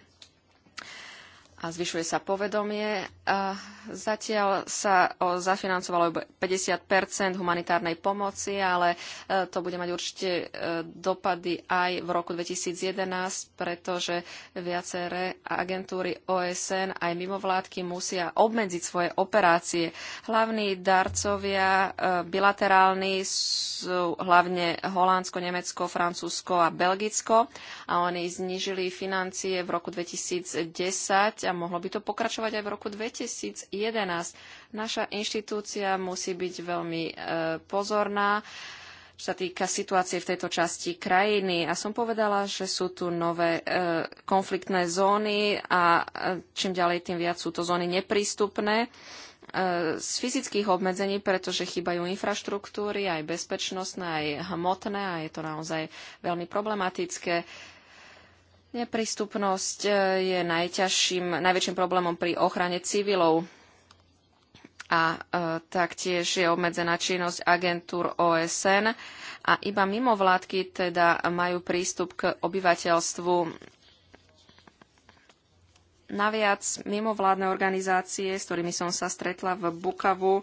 S1: a zvyšuje sa povedomie. A zatiaľ sa o, zafinancovalo 50 humanitárnej pomoci, ale e, to bude mať určite e, dopady aj v roku 2011, pretože viaceré agentúry OSN aj mimovládky musia obmedziť svoje operácie. Hlavní darcovia e, bilaterálni sú hlavne Holandsko, Nemecko, Francúzsko a Belgicko a oni znížili financie v roku 2010 a mohlo by to pokračovať aj v roku 2011. Naša inštitúcia musí byť veľmi e, pozorná čo sa týka situácie v tejto časti krajiny. A som povedala, že sú tu nové e, konfliktné zóny a e, čím ďalej, tým viac sú to zóny neprístupné e, z fyzických obmedzení, pretože chýbajú infraštruktúry, aj bezpečnostné, aj hmotné a je to naozaj veľmi problematické. Neprístupnosť e, je najťažším, najväčším problémom pri ochrane civilov a e, taktiež je obmedzená činnosť agentúr OSN a iba mimovládky teda majú prístup k obyvateľstvu. Naviac mimovládne organizácie, s ktorými som sa stretla v Bukavu,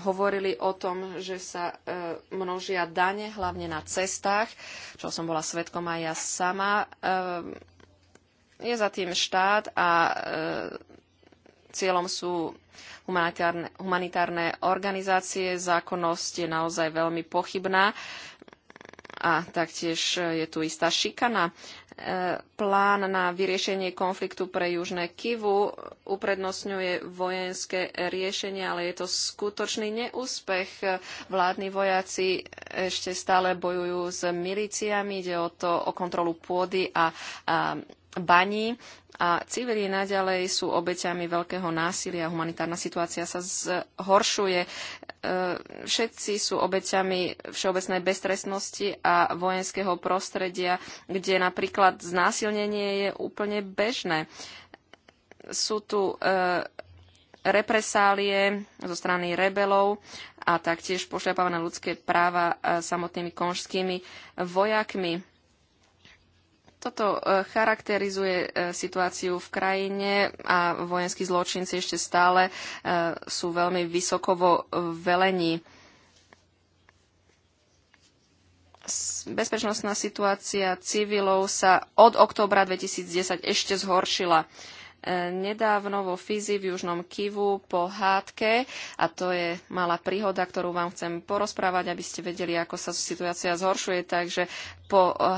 S1: hovorili o tom, že sa e, množia dane, hlavne na cestách, čo som bola svetkom aj ja sama. E, je za tým štát a e, cieľom sú humanitárne, humanitárne organizácie. Zákonnosť je naozaj veľmi pochybná a taktiež je tu istá šikana. E, plán na vyriešenie konfliktu pre Južné Kivu uprednostňuje vojenské riešenie, ale je to skutočný neúspech. Vládni vojaci ešte stále bojujú s milíciami, ide o to o kontrolu pôdy a, a baní a civili naďalej sú obeťami veľkého násilia. Humanitárna situácia sa zhoršuje. E, všetci sú obeťami všeobecnej beztrestnosti a vojenského prostredia, kde napríklad znásilnenie je úplne bežné. Sú tu e, represálie zo strany rebelov a taktiež pošľapávané ľudské práva e, samotnými konžskými vojakmi toto e, charakterizuje e, situáciu v krajine a vojenskí zločinci ešte stále e, sú veľmi vysoko vo velení. Bezpečnostná situácia civilov sa od októbra 2010 ešte zhoršila nedávno vo Fizi v Južnom Kivu po hádke a to je malá príhoda, ktorú vám chcem porozprávať, aby ste vedeli, ako sa situácia zhoršuje. Takže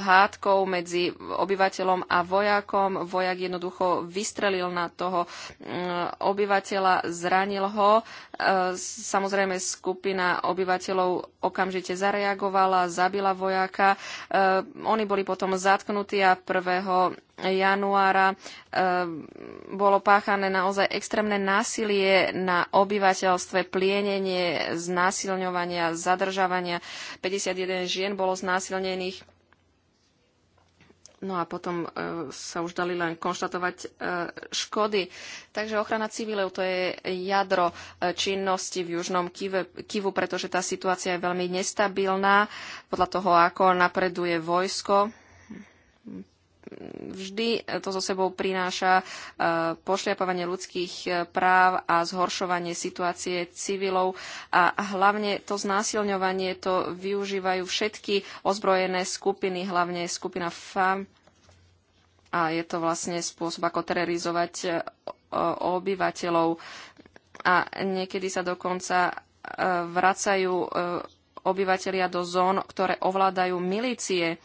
S1: hádkou medzi obyvateľom a vojakom. Vojak jednoducho vystrelil na toho mm, obyvateľa, zranil ho. E, samozrejme, skupina obyvateľov okamžite zareagovala, zabila vojaka. E, oni boli potom zatknutí a 1. januára e, bolo páchané naozaj extrémne násilie na obyvateľstve, plienenie, znásilňovania, zadržavania. 51 žien bolo znásilnených No a potom e, sa už dali len konštatovať e, škody. Takže ochrana civilov to je jadro e, činnosti v južnom Kive, Kivu, pretože tá situácia je veľmi nestabilná podľa toho, ako napreduje vojsko vždy to so sebou prináša e, pošliapovanie ľudských e, práv a zhoršovanie situácie civilov a hlavne to znásilňovanie to využívajú všetky ozbrojené skupiny, hlavne skupina FAM a je to vlastne spôsob, ako terorizovať e, obyvateľov a niekedy sa dokonca vracajú obyvateľia do zón, ktoré ovládajú milície.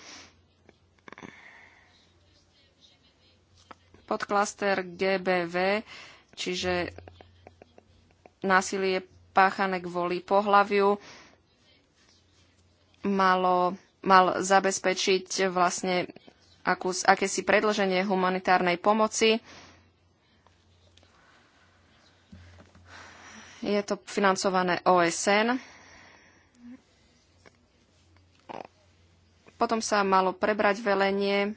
S1: podklaster GBV, čiže násilie páchané kvôli pohľaviu, malo, mal zabezpečiť vlastne akus, akési predlženie humanitárnej pomoci. Je to financované OSN. Potom sa malo prebrať velenie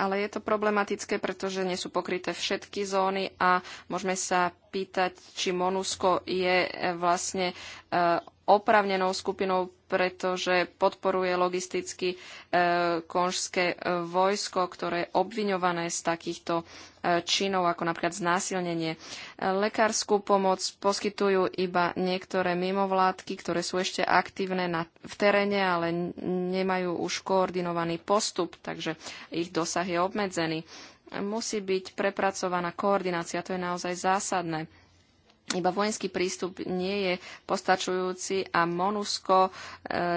S1: ale je to problematické, pretože nie sú pokryté všetky zóny a môžeme sa opýtať, či Monusko je e, vlastne e, opravnenou skupinou, pretože podporuje logisticky e, konžské vojsko, ktoré je obviňované z takýchto činov, ako napríklad znásilnenie. Lekárskú pomoc poskytujú iba niektoré mimovládky, ktoré sú ešte aktívne na, v teréne, ale nemajú už koordinovaný postup, takže ich dosah je obmedzený musí byť prepracovaná koordinácia, to je naozaj zásadné. Iba vojenský prístup nie je postačujúci a MONUSCO e,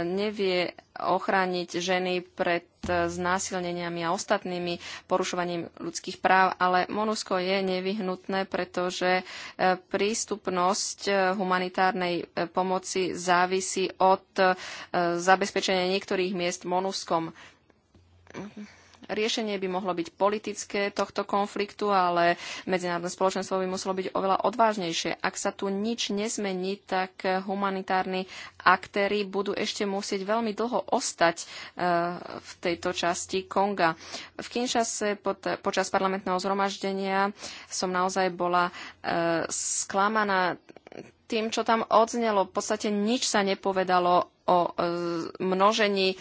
S1: nevie ochrániť ženy pred e, znásilneniami a ostatnými porušovaním ľudských práv, ale MONUSCO je nevyhnutné, pretože e, prístupnosť humanitárnej pomoci závisí od zabezpečenia niektorých miest MONUSKom riešenie by mohlo byť politické tohto konfliktu, ale medzinárodné spoločenstvo by muselo byť oveľa odvážnejšie. Ak sa tu nič nezmení, tak humanitárni aktéry budú ešte musieť veľmi dlho ostať e, v tejto časti Konga. V Kinshase počas parlamentného zhromaždenia som naozaj bola e, sklamaná tým, čo tam odznelo. V podstate nič sa nepovedalo o e, množení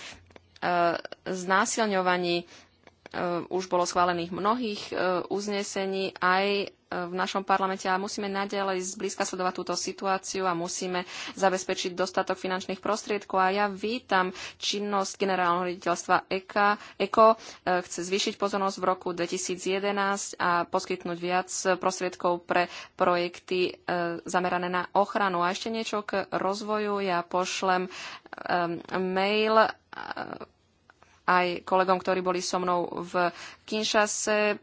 S1: znásilňovaní Eh, už bolo schválených mnohých eh, uznesení aj eh, v našom parlamente a musíme naďalej zblízka sledovať túto situáciu a musíme zabezpečiť dostatok finančných prostriedkov. A ja vítam činnosť generálneho riaditeľstva ECO. E chce zvýšiť pozornosť v roku 2011 a poskytnúť viac prostriedkov pre projekty zamerané na ochranu. A ešte niečo k rozvoju. Ja pošlem mail aj kolegom, ktorí boli so mnou v Kinshase.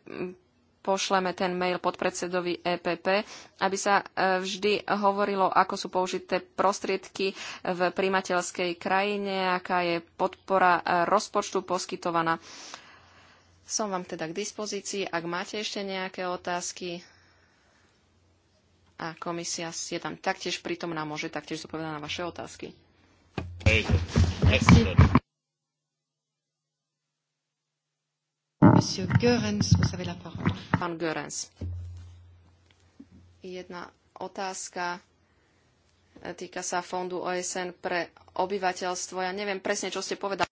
S1: Pošleme ten mail podpredsedovi EPP, aby sa e, vždy hovorilo, ako sú použité prostriedky v primateľskej krajine, aká je podpora e, rozpočtu poskytovaná. Som vám teda k dispozícii, ak máte ešte nejaké otázky. A komisia je tam taktiež prítomná, môže taktiež zodpovedať na vaše otázky.
S2: Merci.
S1: Monsieur Görens, vous avez la parole. Pán Görens. Jedna otázka e, týka sa fondu OSN pre obyvateľstvo. Ja neviem presne, čo ste povedali.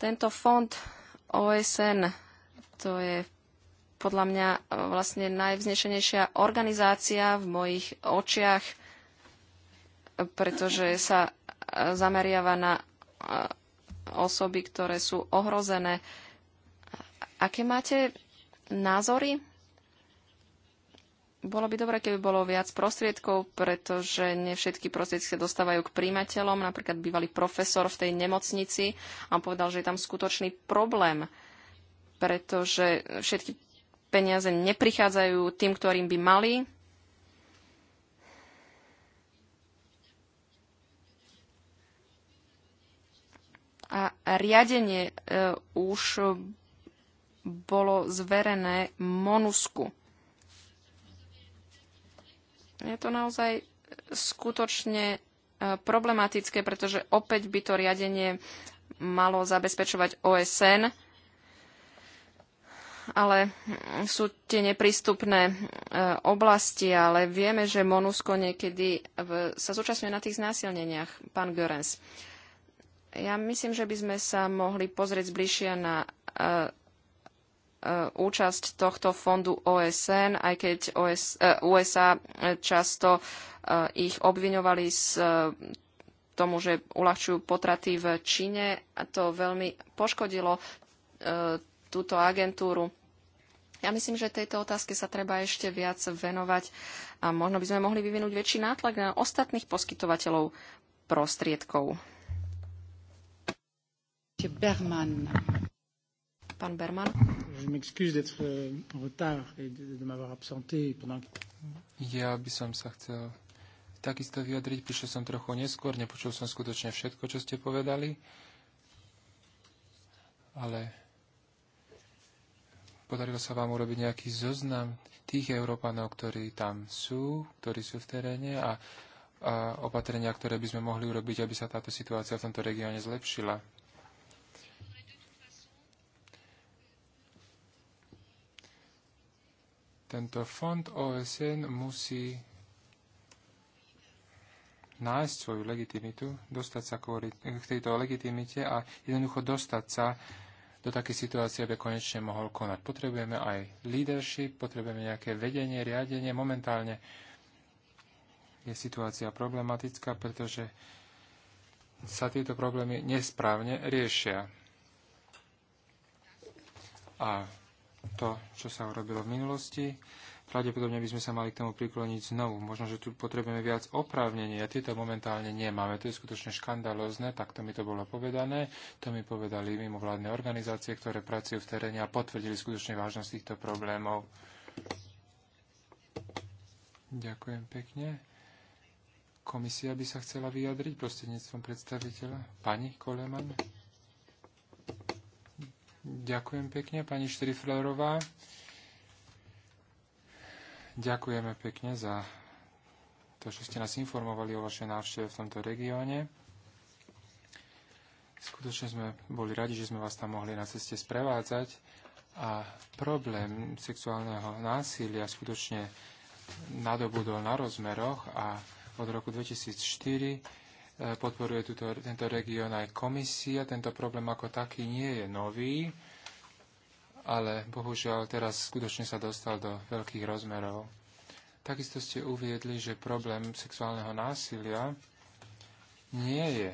S1: Tento fond OSN, to je podľa mňa e, vlastne najvznešenejšia organizácia v mojich očiach, pretože sa e, zameriava na osoby, ktoré sú ohrozené. Aké máte názory? Bolo by dobré, keby bolo viac prostriedkov, pretože ne všetky prostriedky sa dostávajú k príjimateľom. Napríklad bývalý profesor v tej nemocnici a povedal, že je tam skutočný problém, pretože všetky peniaze neprichádzajú tým, ktorým by mali a riadenie e, už bolo zverené Monusku. Je to naozaj skutočne e, problematické, pretože opäť by to riadenie malo zabezpečovať OSN, ale sú tie neprístupné e, oblasti, ale vieme, že Monusko niekedy v, sa zúčastňuje na tých znásilneniach, pán Görens. Ja myslím, že by sme sa mohli pozrieť zbližšia na e, e, účasť tohto fondu OSN, aj keď OS, e, USA často ich obviňovali z tomu, že uľahčujú potraty v Číne a to veľmi poškodilo túto agentúru. Ja myslím, že tejto otázke sa treba ešte viac venovať a možno by sme mohli vyvinúť väčší nátlak na ostatných poskytovateľov prostriedkov.
S2: Pán Berman. Euh, ja by som sa chcel takisto vyjadriť. Prišiel som trochu neskôr, nepočul som skutočne všetko, čo ste povedali. Ale podarilo sa vám urobiť nejaký zoznam tých Európanov, ktorí tam sú, ktorí sú v teréne a, a opatrenia, ktoré by sme mohli urobiť, aby sa táto situácia v tomto regióne zlepšila. Tento fond OSN musí nájsť svoju legitimitu, dostať sa kvôli k tejto legitimite a jednoducho dostať sa do také situácie, aby konečne mohol konať. Potrebujeme aj leadership, potrebujeme nejaké vedenie, riadenie. Momentálne je situácia problematická, pretože sa tieto problémy nesprávne riešia. A to, čo sa urobilo v minulosti. Pravdepodobne by sme sa mali k tomu prikloniť znovu. Možno, že tu potrebujeme viac oprávnenia. Tieto momentálne nemáme. To je skutočne škandalozne, takto mi to bolo povedané. To mi povedali mimovládne organizácie, ktoré pracujú v teréne a potvrdili skutočne vážnosť týchto problémov. Ďakujem pekne. Komisia by sa chcela vyjadriť prostredníctvom predstaviteľa. Pani Koleman. Ďakujem pekne, pani Štriflerová. Ďakujeme pekne za to, že ste nás informovali o vašej návšteve v tomto regióne. Skutočne sme boli radi, že sme vás tam mohli na ceste sprevádzať a problém sexuálneho násilia skutočne nadobudol na rozmeroch a od roku 2004 podporuje tuto, tento región aj komisia. Tento problém ako taký nie je nový, ale bohužiaľ teraz skutočne sa dostal do veľkých rozmerov. Takisto ste uviedli, že problém sexuálneho násilia nie je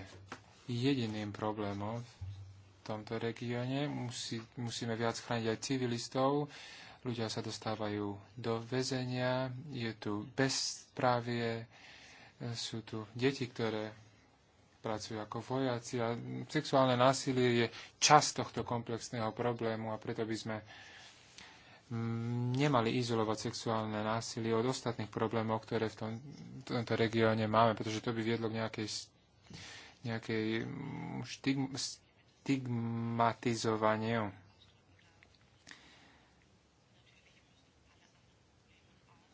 S2: jediným problémom v tomto regióne. Musí, musíme viac chrániť aj civilistov. Ľudia sa dostávajú do väzenia, je tu bezprávie, sú tu deti, ktoré pracujú ako vojaci. A sexuálne násilie je časť tohto komplexného problému a preto by sme mm, nemali izolovať sexuálne násilie od ostatných problémov, ktoré v tom, tomto regióne máme, pretože to by viedlo k nejakej, nejakej mm, štigm, stigmatizovaniu.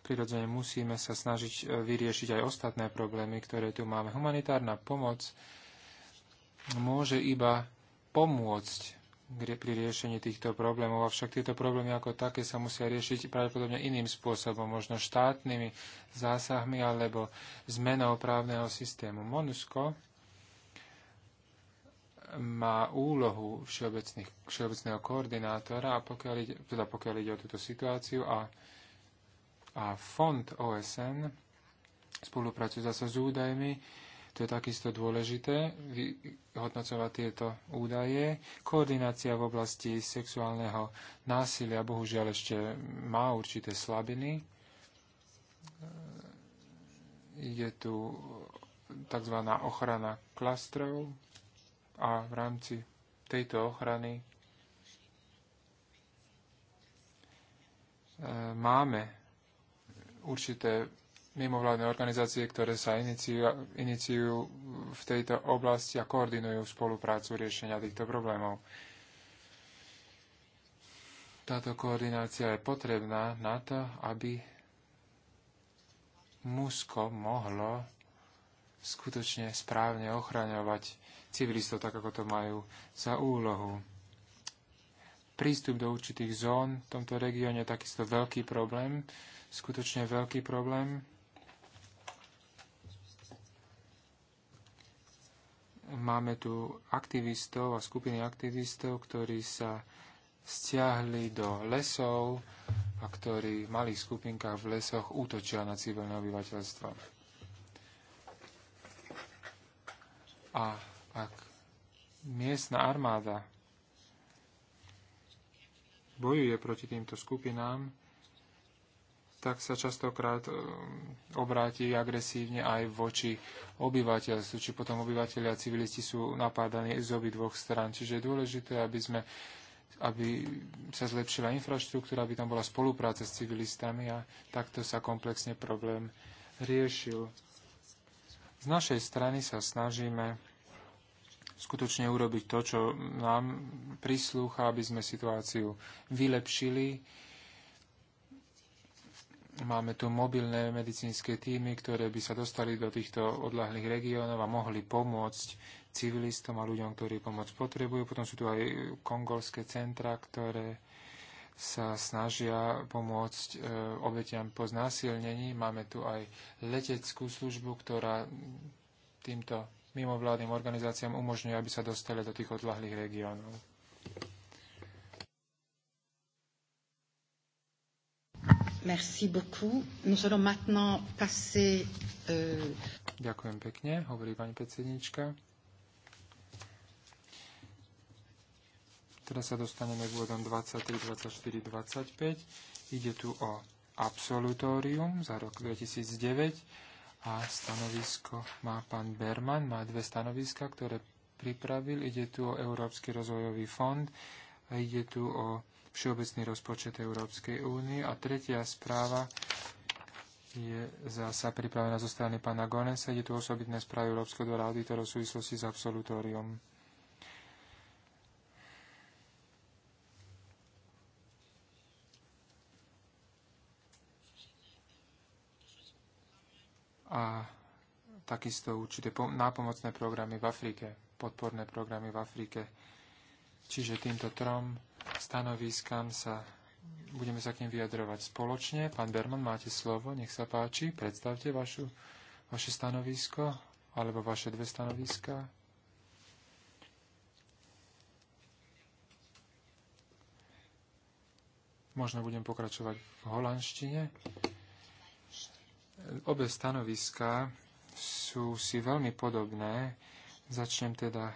S2: prirodzene musíme sa snažiť e, vyriešiť aj ostatné problémy, ktoré tu máme. Humanitárna pomoc môže iba pomôcť pri riešení týchto problémov, avšak tieto problémy ako také sa musia riešiť pravdepodobne iným spôsobom, možno štátnymi zásahmi alebo zmenou právneho systému. MONUSCO má úlohu všeobecného koordinátora, a pokiaľ ide, teda pokiaľ ide o túto situáciu a a fond OSN spolupracujú zase s údajmi. To je takisto dôležité, vyhodnocovať tieto údaje. Koordinácia v oblasti sexuálneho násilia bohužiaľ ešte má určité slabiny. Je tu tzv. ochrana klastrov a v rámci tejto ochrany e, máme určité mimovládne organizácie, ktoré sa iniciujú, v tejto oblasti a koordinujú spoluprácu riešenia týchto problémov. Táto koordinácia je potrebná na to, aby Musko mohlo skutočne správne ochraňovať civilistov, tak ako to majú za úlohu. Prístup do určitých zón v tomto regióne je takisto veľký problém skutočne veľký problém. Máme tu aktivistov a skupiny aktivistov, ktorí sa stiahli do lesov a ktorí v malých skupinkách v lesoch útočia na civilné obyvateľstvo. A ak miestna armáda bojuje proti týmto skupinám, tak sa častokrát um, obráti agresívne aj voči obyvateľstvu, či potom obyvateľia a civilisti sú napádaní z obi dvoch strán. Čiže je dôležité, aby sme aby sa zlepšila infraštruktúra, aby tam bola spolupráca s civilistami a takto sa komplexne problém riešil. Z našej strany sa snažíme skutočne urobiť to, čo nám prislúcha, aby sme situáciu vylepšili Máme tu mobilné medicínske týmy, ktoré by sa dostali do týchto odlahlých regiónov a mohli pomôcť civilistom a ľuďom, ktorí pomoc potrebujú. Potom sú tu aj kongolské centra, ktoré sa snažia pomôcť e, obetiam po znásilnení. Máme tu aj leteckú službu, ktorá týmto mimovládnym organizáciám umožňuje, aby sa dostali do tých odlahlých regiónov. Merci beaucoup. Nous allons maintenant passer... Euh, Ďakujem pekne, hovorí pani predsednička. Teraz sa dostaneme k bodom 23, 24, 25. Ide tu o absolutórium za rok 2009 a stanovisko má pán Berman. Má dve stanoviska, ktoré pripravil. Ide tu o Európsky rozvojový fond a ide tu o všeobecný rozpočet Európskej únie. A tretia správa je zasa pripravená zo strany pána Gonesa. Je tu osobitné správy Európskeho dvora auditorov v súvislosti s absolutóriom. A takisto určité nápomocné programy v Afrike, podporné programy v Afrike. Čiže týmto trom stanoviskám sa budeme sa k nim vyjadrovať spoločne. Pán Berman, máte slovo, nech sa páči, predstavte vašu, vaše stanovisko alebo vaše dve stanoviska. Možno budem pokračovať v holandštine. Obe stanoviská sú si veľmi podobné. Začnem teda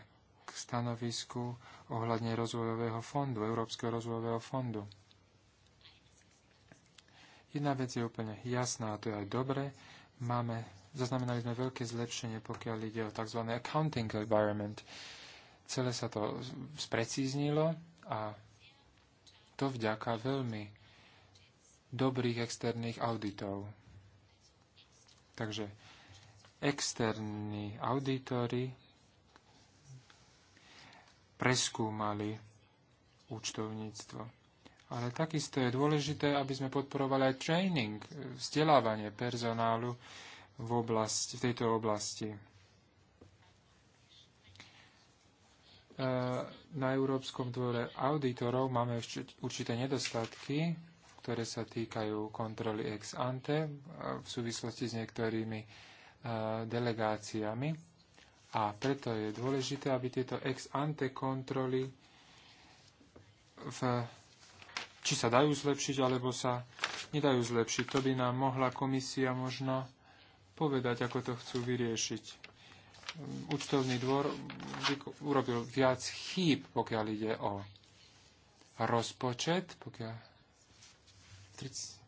S2: stanovisku ohľadne rozvojového fondu, Európskeho rozvojového fondu. Jedna vec je úplne jasná, a to je aj dobre. Máme, zaznamenali sme veľké zlepšenie, pokiaľ ide o tzv. accounting environment. Celé sa to sprecíznilo a to vďaka veľmi dobrých externých auditov. Takže externí auditory preskúmali účtovníctvo. Ale takisto je dôležité, aby sme podporovali aj training, vzdelávanie personálu v, oblasti, v tejto oblasti. E, na Európskom dvore auditorov máme ešte určité nedostatky, ktoré sa týkajú kontroly ex ante e, v súvislosti s niektorými e, delegáciami a preto je dôležité, aby tieto ex ante kontroly v, či sa dajú zlepšiť, alebo sa nedajú zlepšiť. To by nám mohla komisia možno povedať, ako to chcú vyriešiť. Účtovný dvor urobil viac chýb, pokiaľ ide o rozpočet, pokiaľ 30,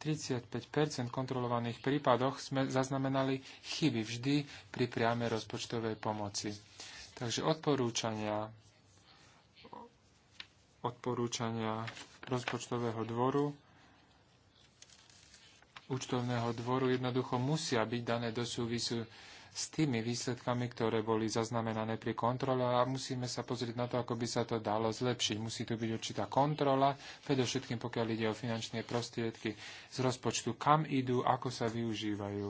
S2: 35 kontrolovaných prípadoch sme zaznamenali chyby vždy pri priamej rozpočtovej pomoci. Takže odporúčania, odporúčania rozpočtového dvoru, účtovného dvoru jednoducho musia byť dané do súvisu s tými výsledkami, ktoré boli zaznamenané pri kontrole a musíme sa pozrieť na to, ako by sa to dalo zlepšiť. Musí tu byť určitá kontrola, predovšetkým pokiaľ ide o finančné prostriedky z rozpočtu, kam idú, ako sa využívajú.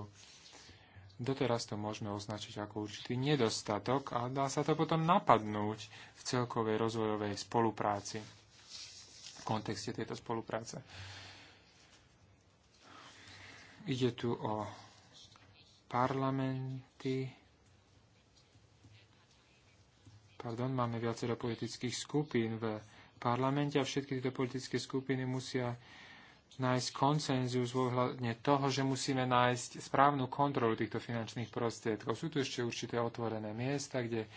S2: Doteraz to môžeme označiť ako určitý nedostatok a dá sa to potom napadnúť v celkovej rozvojovej spolupráci, v kontexte tejto spolupráce. Ide tu o parlamenty, pardon, máme viacero politických skupín v parlamente a všetky tieto politické skupiny musia nájsť konsenzus ohľadne toho, že musíme nájsť správnu kontrolu týchto finančných prostriedkov. Sú tu ešte určité otvorené miesta, kde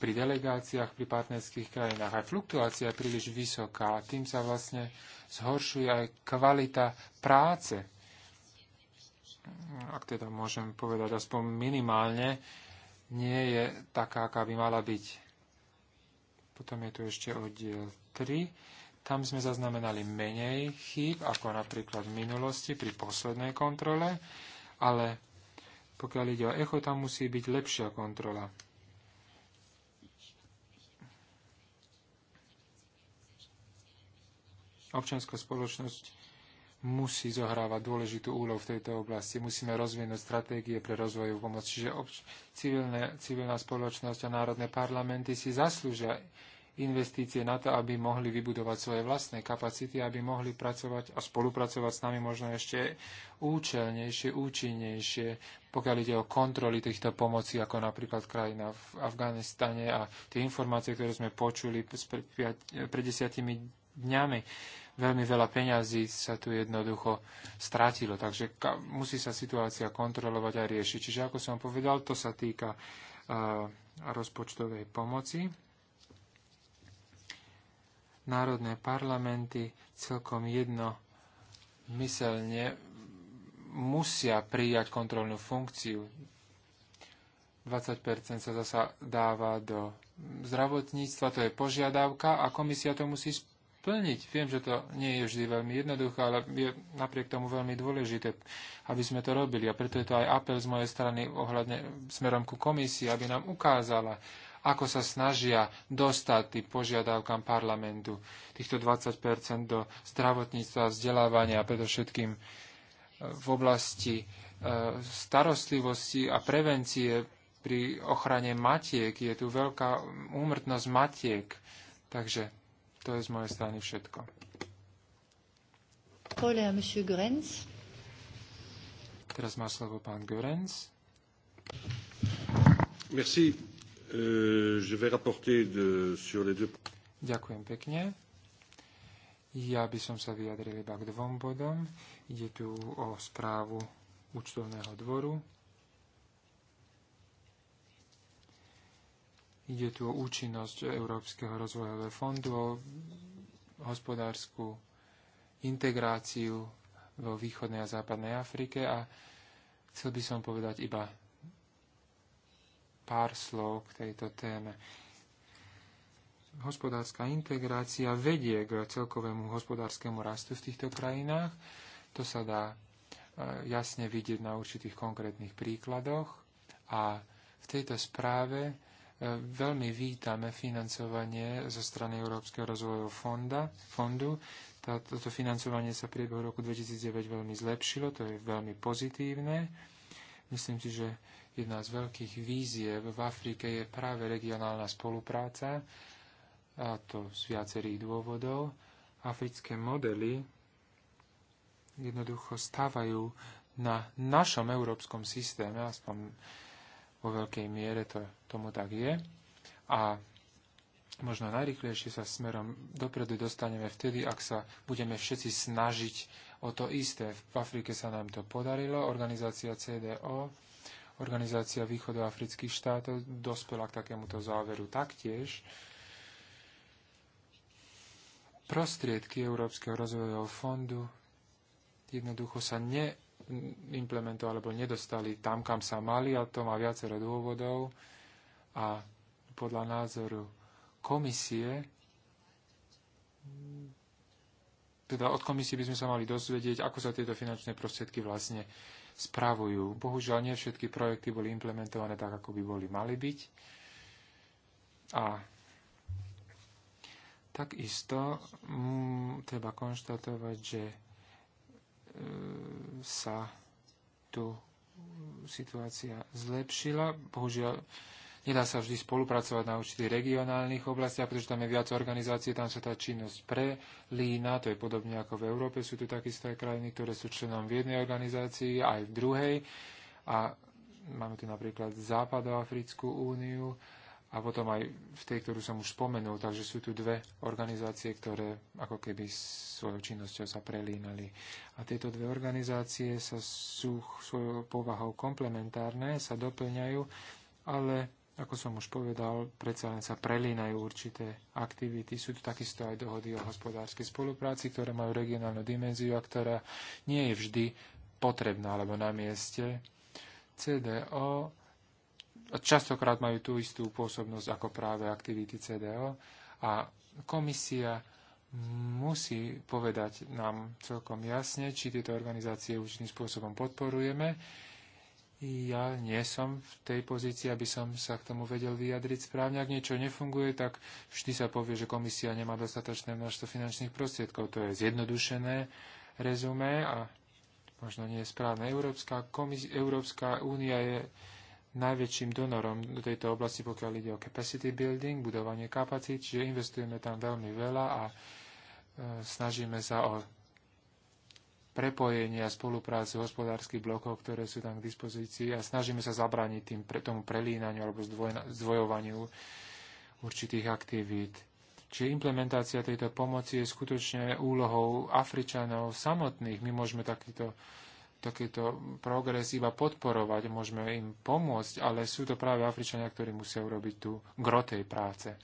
S2: pri delegáciách, pri partnerských krajinách aj fluktuácia je príliš vysoká a tým sa vlastne zhoršuje aj kvalita práce ak teda môžem povedať aspoň minimálne, nie je taká, aká by mala byť. Potom je tu ešte oddiel 3. Tam sme zaznamenali menej chýb, ako napríklad v minulosti pri poslednej kontrole, ale pokiaľ ide o echo, tam musí byť lepšia kontrola. Občianská spoločnosť musí zohrávať dôležitú úlohu v tejto oblasti. Musíme rozvinúť stratégie pre rozvojovú pomoc. Čiže obč- civilné, civilná spoločnosť a národné parlamenty si zaslúžia investície na to, aby mohli vybudovať svoje vlastné kapacity, aby mohli pracovať a spolupracovať s nami možno ešte účelnejšie, účinnejšie, pokiaľ ide o kontroly týchto pomoci, ako napríklad krajina v Afganistane a tie informácie, ktoré sme počuli pred desiatimi dňami. Veľmi veľa peňazí sa tu jednoducho stratilo, takže musí sa situácia kontrolovať a riešiť. Čiže ako som povedal, to sa týka rozpočtovej pomoci. Národné parlamenty celkom jedno myselne musia prijať kontrolnú funkciu. 20% sa zasa dáva do zdravotníctva, to je požiadavka a komisia to musí plniť. Viem, že to nie je vždy veľmi jednoduché, ale je napriek tomu veľmi dôležité, aby sme to robili. A preto je to aj apel z mojej strany ohľadne smerom ku komisii, aby nám ukázala, ako sa snažia dostať tým požiadavkám parlamentu týchto 20 do zdravotníctva, vzdelávania a predovšetkým e, v oblasti e, starostlivosti a prevencie pri ochrane matiek. Je tu veľká úmrtnosť matiek. Takže to je z mojej strany všetko.
S1: Uh,
S2: Teraz má slovo pán Görens. Merci. Euh, je vais rapporter de, sur les deux... Ďakujem pekne. Ja by som sa vyjadril iba k dvom bodom. Ide tu o správu účtovného dvoru Ide tu o účinnosť Európskeho rozvojového fondu, o hospodárskú integráciu vo východnej a západnej Afrike a chcel by som povedať iba pár slov k tejto téme. Hospodárska integrácia vedie k celkovému hospodárskému rastu v týchto krajinách. To sa dá e, jasne vidieť na určitých konkrétnych príkladoch a v tejto správe E, veľmi vítame financovanie zo strany Európskeho rozvojového fonda, fondu. Toto financovanie sa priebehu roku 2009 veľmi zlepšilo, to je veľmi pozitívne. Myslím si, že jedna z veľkých víziev v Afrike je práve regionálna spolupráca, a to z viacerých dôvodov. Africké modely jednoducho stávajú na našom európskom systéme, aspoň vo veľkej miere to tomu tak je. A možno najrychlejšie sa smerom dopredu dostaneme vtedy, ak sa budeme všetci snažiť o to isté. V Afrike sa nám to podarilo, organizácia CDO, organizácia východoafrických štátov dospela k takémuto záveru taktiež. Prostriedky Európskeho rozvojového fondu jednoducho sa ne implementovali alebo nedostali tam, kam sa mali a to má viacero dôvodov a podľa názoru komisie teda od komisie by sme sa mali dozvedieť, ako sa tieto finančné prostriedky vlastne spravujú. Bohužiaľ, nie všetky projekty boli implementované tak, ako by boli mali byť. A takisto mm, treba konštatovať, že sa tu situácia zlepšila. Bohužiaľ, nedá sa vždy spolupracovať na určitých regionálnych oblastiach, pretože tam je viac organizácií, tam sa tá činnosť prelína, to je podobne ako v Európe, sú tu takisto aj krajiny, ktoré sú členom v jednej organizácii, aj v druhej. A máme tu napríklad Západoafrickú úniu, a potom aj v tej, ktorú som už spomenul. Takže sú tu dve organizácie, ktoré ako keby svojou činnosťou sa prelínali. A tieto dve organizácie sa sú svojou povahou komplementárne, sa doplňajú, ale ako som už povedal, predsa len sa prelínajú určité aktivity. Sú tu takisto aj dohody o hospodárskej spolupráci, ktoré majú regionálnu dimenziu a ktorá nie je vždy potrebná alebo na mieste. CDO častokrát majú tú istú pôsobnosť ako práve aktivity CDO a komisia musí povedať nám celkom jasne, či tieto organizácie určitým spôsobom podporujeme. Ja nie som v tej pozícii, aby som sa k tomu vedel vyjadriť správne. Ak niečo nefunguje, tak vždy sa povie, že komisia nemá dostatočné množstvo finančných prostriedkov. To je zjednodušené rezumé a možno nie je správne. Európska, komis- Európska únia je najväčším donorom do tejto oblasti, pokiaľ ide o capacity building, budovanie kapacít, čiže investujeme tam veľmi veľa a e, snažíme sa o prepojenie a spoluprácu hospodárskych blokov, ktoré sú tam k dispozícii a snažíme sa zabrániť tým, pre, tomu prelínaniu alebo zdvojna, zdvojovaniu určitých aktivít. Čiže implementácia tejto pomoci je skutočne úlohou Afričanov samotných. My môžeme takýto takýto progres iba podporovať, môžeme im pomôcť, ale sú to práve Afričania, ktorí musia urobiť tú grotej práce.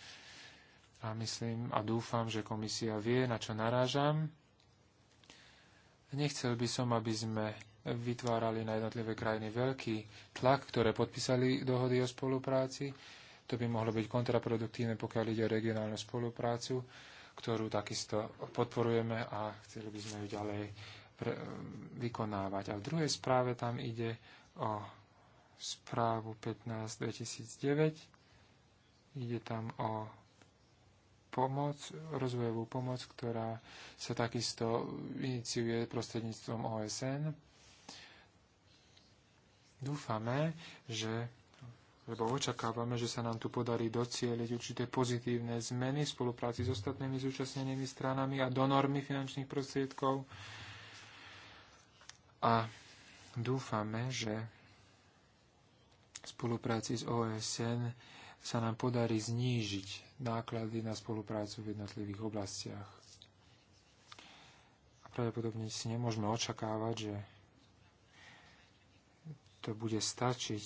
S2: A myslím a dúfam, že komisia vie, na čo narážam. Nechcel by som, aby sme vytvárali na jednotlivé krajiny veľký tlak, ktoré podpísali dohody o spolupráci. To by mohlo byť kontraproduktívne, pokiaľ ide o regionálnu spoluprácu, ktorú takisto podporujeme a chceli by sme ju ďalej pre, vykonávať. A v druhej správe tam ide o správu 15-2009. Ide tam o pomoc, rozvojovú pomoc, ktorá sa takisto iniciuje prostredníctvom OSN. Dúfame, že lebo očakávame, že sa nám tu podarí docieliť určité pozitívne zmeny v spolupráci s ostatnými zúčastnenými stranami a donormi finančných prostriedkov a dúfame, že v spolupráci s OSN sa nám podarí znížiť náklady na spoluprácu v jednotlivých oblastiach. A pravdepodobne si nemôžeme očakávať, že to bude stačiť,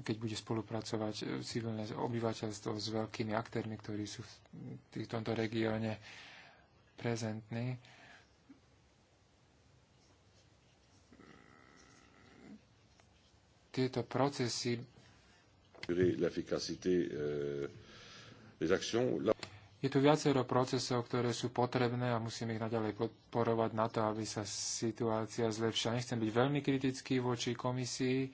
S2: keď bude spolupracovať civilné obyvateľstvo s veľkými aktérmi, ktorí sú v tomto regióne prezentní tieto procesy euh, je tu viacero procesov, ktoré sú potrebné a musíme ich naďalej podporovať na to, aby sa situácia zlepšila. Nechcem byť veľmi kritický voči komisii,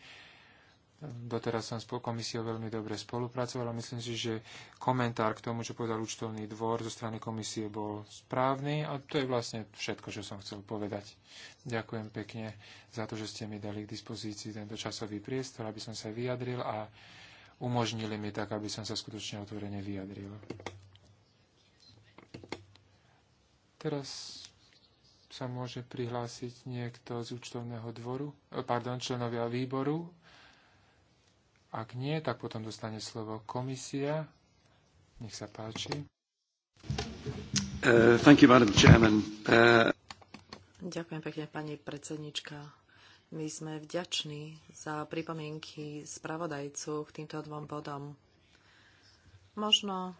S2: Doteraz som s komisiou veľmi dobre spolupracoval a myslím si, že komentár k tomu, čo povedal účtovný dvor zo strany komisie, bol správny a to je vlastne všetko, čo som chcel povedať. Ďakujem pekne za to, že ste mi dali k dispozícii tento časový priestor, aby som sa vyjadril a umožnili mi tak, aby som sa skutočne otvorene vyjadril. Teraz sa môže prihlásiť niekto z účtovného dvoru, eh, pardon, členovia výboru ak nie, tak potom dostane slovo komisia. Nech sa páči.
S3: Uh, you, uh... Ďakujem pekne, pani predsednička. My sme vďační za pripomienky spravodajcu k týmto dvom bodom. Možno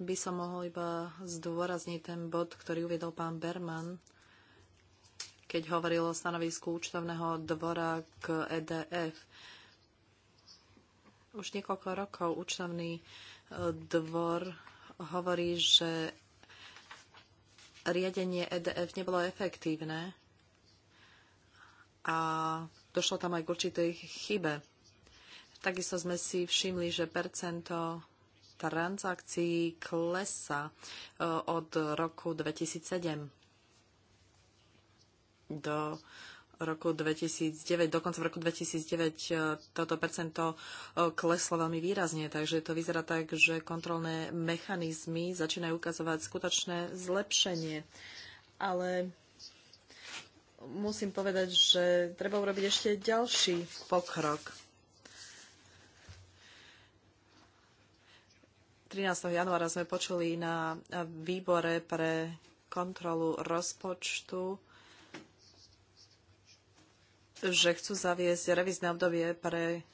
S3: by som mohol iba zdôrazniť ten bod, ktorý uviedol pán Berman, keď hovoril o stanovisku účtovného dvora k EDF. Už niekoľko rokov účtovný e, dvor hovorí, že riadenie EDF nebolo efektívne a došlo tam aj k určitej chybe. Takisto sme si všimli, že percento transakcií klesa e, od roku 2007 do roku 2009, dokonca v roku 2009 e, toto percento e, kleslo veľmi výrazne, takže to vyzerá tak, že kontrolné mechanizmy začínajú ukazovať skutočné zlepšenie. Ale musím povedať, že treba urobiť ešte ďalší pokrok. 13. januára sme počuli na výbore pre kontrolu rozpočtu že chcú zaviesť revizné obdobie pre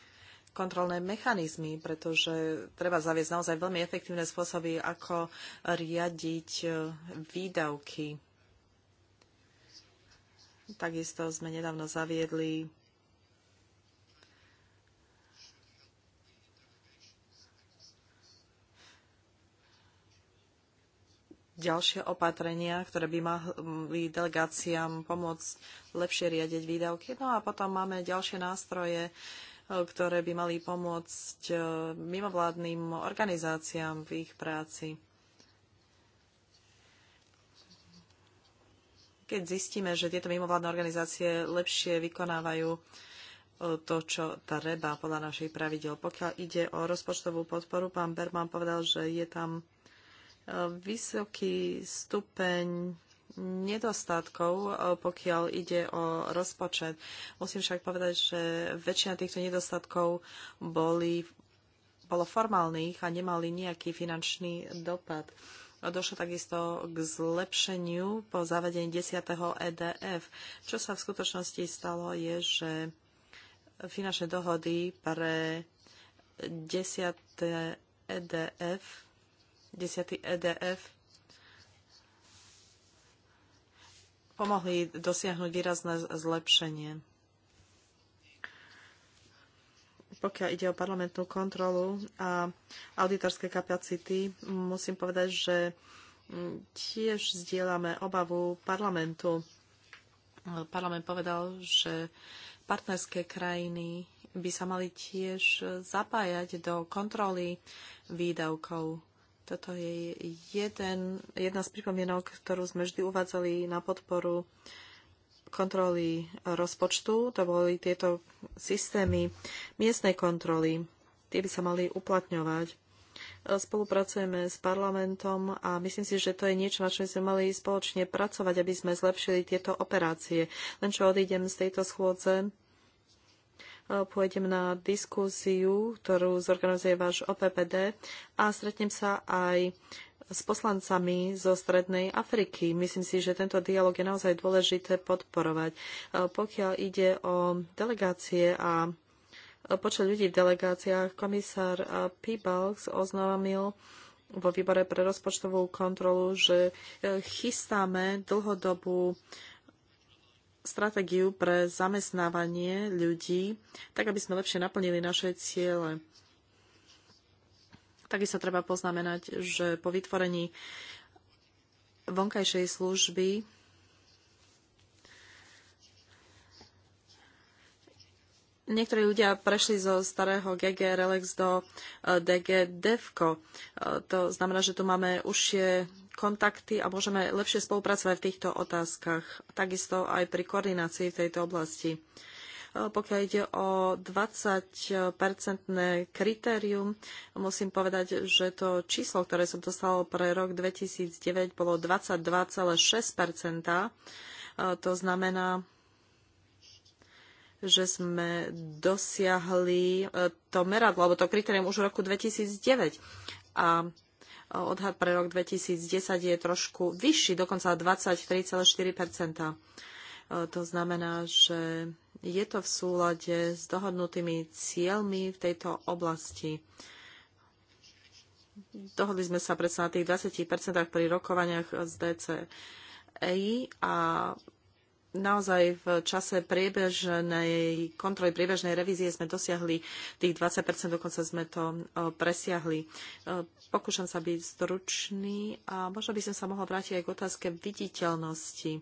S3: kontrolné mechanizmy, pretože treba zaviesť naozaj veľmi efektívne spôsoby, ako riadiť e, výdavky. Takisto sme nedávno zaviedli ďalšie opatrenia, ktoré by mali delegáciám pomôcť lepšie riadiť výdavky. No a potom máme ďalšie nástroje, e, ktoré by mali pomôcť e, mimovládnym organizáciám v ich práci. Keď zistíme, že tieto mimovládne organizácie lepšie vykonávajú e, to, čo treba podľa našich pravidel. Pokiaľ ide o rozpočtovú podporu, pán Berman povedal, že je tam vysoký stupeň nedostatkov, eh, pokiaľ ide o rozpočet. Musím však povedať, že väčšina týchto nedostatkov boli, bolo formálnych a nemali nejaký finančný dopad. Došlo takisto k zlepšeniu po zavedení 10. EDF. Čo sa v skutočnosti stalo je, že finančné dohody pre 10. EDF 10. EDF pomohli dosiahnuť výrazné zlepšenie. Pokiaľ ide o parlamentnú kontrolu a auditorské kapacity, musím povedať, že mm, tiež zdieľame obavu parlamentu. Parlament povedal, že partnerské krajiny by sa mali tiež zapájať do kontroly výdavkov toto je jeden, jedna z pripomienok, ktorú sme vždy uvádzali na podporu kontroly rozpočtu. To boli tieto systémy miestnej kontroly. Tie by sa mali uplatňovať. Spolupracujeme s parlamentom a myslím si, že to je niečo, na čo sme mali spoločne pracovať, aby sme zlepšili tieto operácie. Len čo odídem z tejto schôdze, pôjdem na diskúziu, ktorú zorganizuje váš OPPD a stretnem sa aj s poslancami zo Strednej Afriky. Myslím si, že tento dialog je naozaj dôležité podporovať. Pokiaľ ide o delegácie a počet ľudí v delegáciách, komisár Pibalks oznámil, vo výbore pre rozpočtovú kontrolu, že chystáme dlhodobú stratégiu pre zamestnávanie ľudí, tak aby sme lepšie naplnili naše ciele. Takisto treba poznamenať, že po vytvorení vonkajšej služby niektorí ľudia prešli zo starého GG Relax do eh, DG Devco. Eh, to znamená, že tu máme užšie kontakty a môžeme lepšie spolupracovať v týchto otázkach, takisto aj pri koordinácii v tejto oblasti. E, pokiaľ ide o 20-percentné kritérium, musím povedať, že to číslo, ktoré som dostal pre rok 2009, bolo 22,6 e, To znamená, že sme dosiahli e, to meradlo, alebo to kritérium už v roku 2009. A odhad pre rok 2010 je trošku vyšší, dokonca 23,4 e, To znamená, že je to v súlade s dohodnutými cieľmi v tejto oblasti. Dohodli sme sa predsa na tých 20 pri rokovaniach z DCEI a naozaj v čase priebežnej kontroly, priebežnej revízie sme dosiahli tých 20%, dokonca sme to e, presiahli. E, pokúšam sa byť stručný a možno by som sa mohla vrátiť aj k otázke viditeľnosti.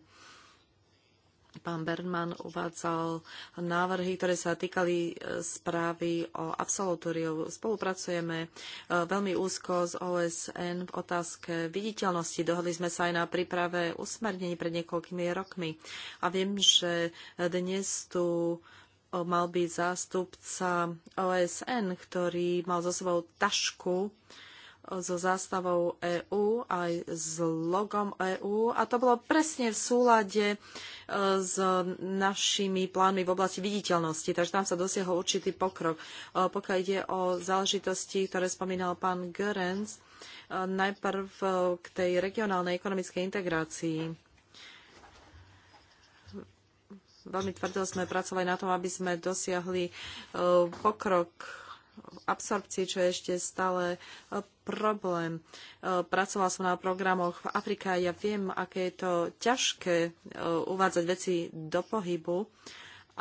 S3: Pán Bernman uvádzal návrhy, ktoré sa týkali e, správy o absolutóriu. Spolupracujeme e, veľmi úzko s OSN v otázke viditeľnosti. Dohodli sme sa aj na príprave usmernení pred niekoľkými rokmi. A viem, že dnes tu e, mal byť zástupca OSN, ktorý mal so sebou tašku so zástavou EÚ, aj s logom EÚ a to bolo presne v súlade e, s našimi plánmi v oblasti viditeľnosti, takže tam sa dosiahol určitý pokrok. E, pokiaľ ide o záležitosti, ktoré spomínal pán Görens, e, najprv k tej regionálnej ekonomickej integrácii. Veľmi tvrdo sme pracovali na tom, aby sme dosiahli pokrok absorpcii, čo je ešte stále e, problém. E, pracovala som na programoch v Afrike a ja viem, aké je to ťažké e, uvádzať veci do pohybu,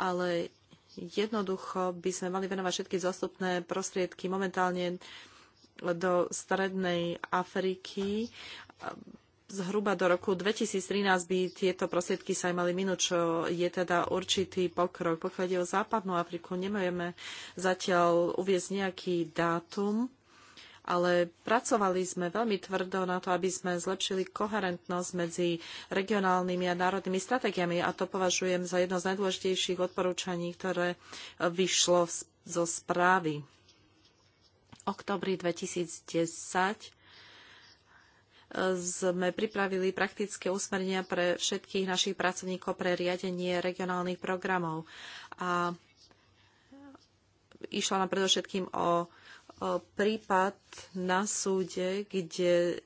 S3: ale jednoducho by sme mali venovať všetky zostupné prostriedky momentálne do Strednej Afriky zhruba do roku 2013 by tieto prostriedky sa aj mali minúť, čo je teda určitý pokrok. Pokiaľ ide o západnú Afriku, nemajeme zatiaľ uviezť nejaký dátum, ale pracovali sme veľmi tvrdo na to, aby sme zlepšili koherentnosť medzi regionálnymi a národnými stratégiami a to považujem za jedno z najdôležitejších odporúčaní, ktoré vyšlo zo správy. Oktobri 2010 sme pripravili praktické usmernia pre všetkých našich pracovníkov pre riadenie regionálnych programov. A išla nám predovšetkým o, o prípad na súde, kde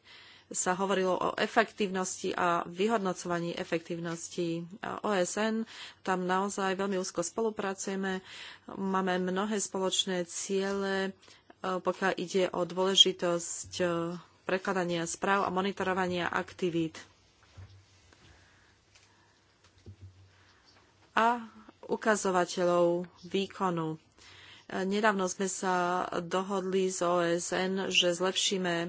S3: sa hovorilo o efektívnosti a vyhodnocovaní efektívnosti OSN. Tam naozaj veľmi úzko spolupracujeme. Máme mnohé spoločné ciele, e, pokiaľ ide o dôležitosť e, prekladania správ a monitorovania aktivít. A ukazovateľov výkonu. Nedávno sme sa dohodli z OSN, že zlepšíme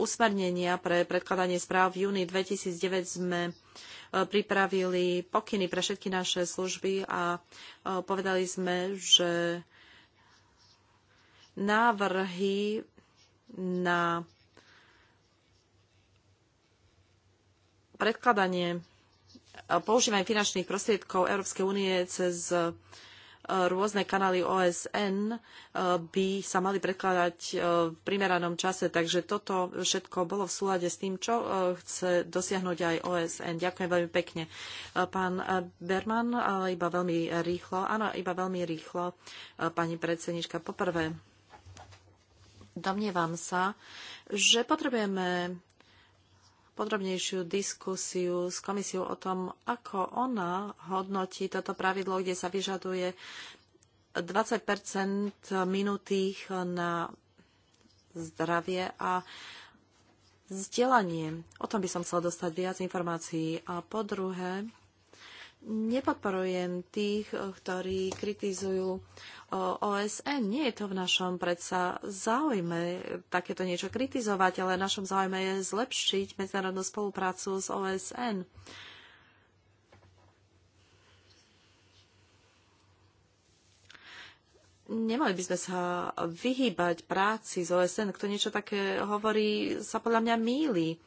S3: usmernenia pre predkladanie správ. V júni 2009 sme e, pripravili pokyny pre všetky naše služby a e, povedali sme, že návrhy na predkladanie používanie finančných prostriedkov Európskej únie cez e, rôzne kanály OSN e, by sa mali prekladať e, v primeranom čase. Takže toto všetko bolo v súlade s tým, čo chce dosiahnuť aj OSN. Ďakujem veľmi pekne. Pán Berman, iba veľmi rýchlo. Áno, iba veľmi rýchlo, pani predsednička. Poprvé, Domnievam sa, že potrebujeme podrobnejšiu diskusiu s komisiou o tom, ako ona hodnotí toto pravidlo, kde sa vyžaduje 20 minutých na zdravie a vzdelanie. O tom by som chcel dostať viac informácií. A po druhé, nepodporujem tých, ktorí kritizujú OSN. Nie je to v našom predsa záujme takéto niečo kritizovať, ale v našom záujme je zlepšiť medzinárodnú spoluprácu s OSN. nemali by sme sa vyhýbať práci z OSN. Kto niečo také hovorí, sa podľa mňa mýli. Uh,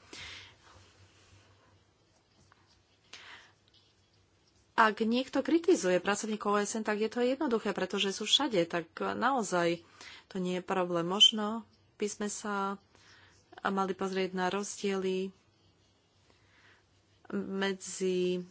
S3: ak niekto kritizuje pracovníkov OSN, tak je to jednoduché, pretože sú všade, tak naozaj to nie je problém. Možno by sme sa mali pozrieť na rozdiely medzi